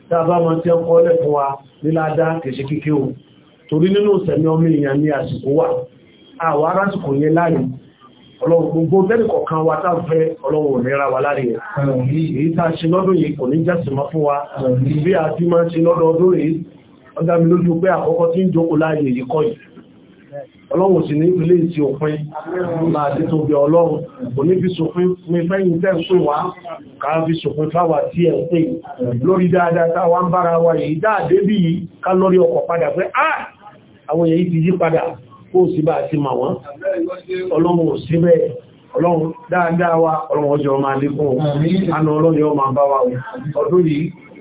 tàbá ma tí ọkọ́ lẹ̀ fún wa níláadá kèṣe kíké o torí nínú ìsẹ̀mí ọmọ èèyàn ní àsìkò wà àwọn arásìkò yẹn láàrin ọlọ́run gbogbo bẹ́ẹ̀ kọ̀ọ̀kan wa tá fẹ́ ọlọ́run òmìnira wa láre ẹ̀ èyí tá a lọ́dún yìí kò ní jásìmọ́ fún wa bí a ti máa ṣe lọ́dọọdún yìí ọdá mi lójú pé àkọ́kọ́ tí ń jókòó láàyè yìí kọ́ yìí ọlọ́run sì ní ilé ìtì òfin máa ti tó bẹ ọlọ́run kò ní fi sòfin fún fẹ́yìn tẹ́ ń pè wá káà fi sòfin fáwà tí ẹ̀ ń lórí dáadáa ah àwọn èyí ti yí padà kó sì bá ti mà ọlọ́run dáadáa wa ọlọ́run ọjọ́ máa lékún àná ọlọ́run yóò máa bá ọdún yìí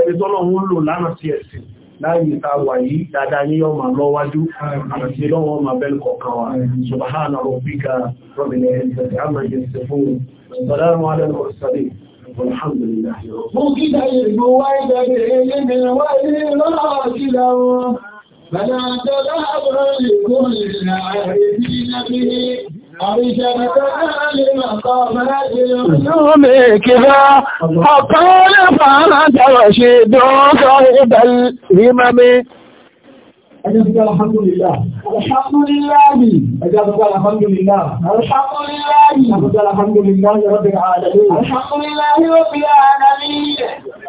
ẹni tọ́lọ́run ń lò lánà sí ẹ̀sìn láàrin ìta wà yìí dáadáa ní ọmọ lọ́wájú àti lọ́wọ́ ọmọ abẹ́lù kọ̀ọ̀kan wa subhana rabbika rabbil izzati amma yasifun salamun ala al-mursalin والحمد لله وكذا Ọ̀pọ̀lẹ́ fàánà tàwà ṣe dọ́ọ̀kọ́ ìbẹ̀lì mẹ́mí. Ẹjọ́ alhamdulillah. Alhamdulillah. Ẹjọ́ alhamdulillah. Alhamdulillah. Alhamdulillah. Alhamdulillah. Alhamdulillah.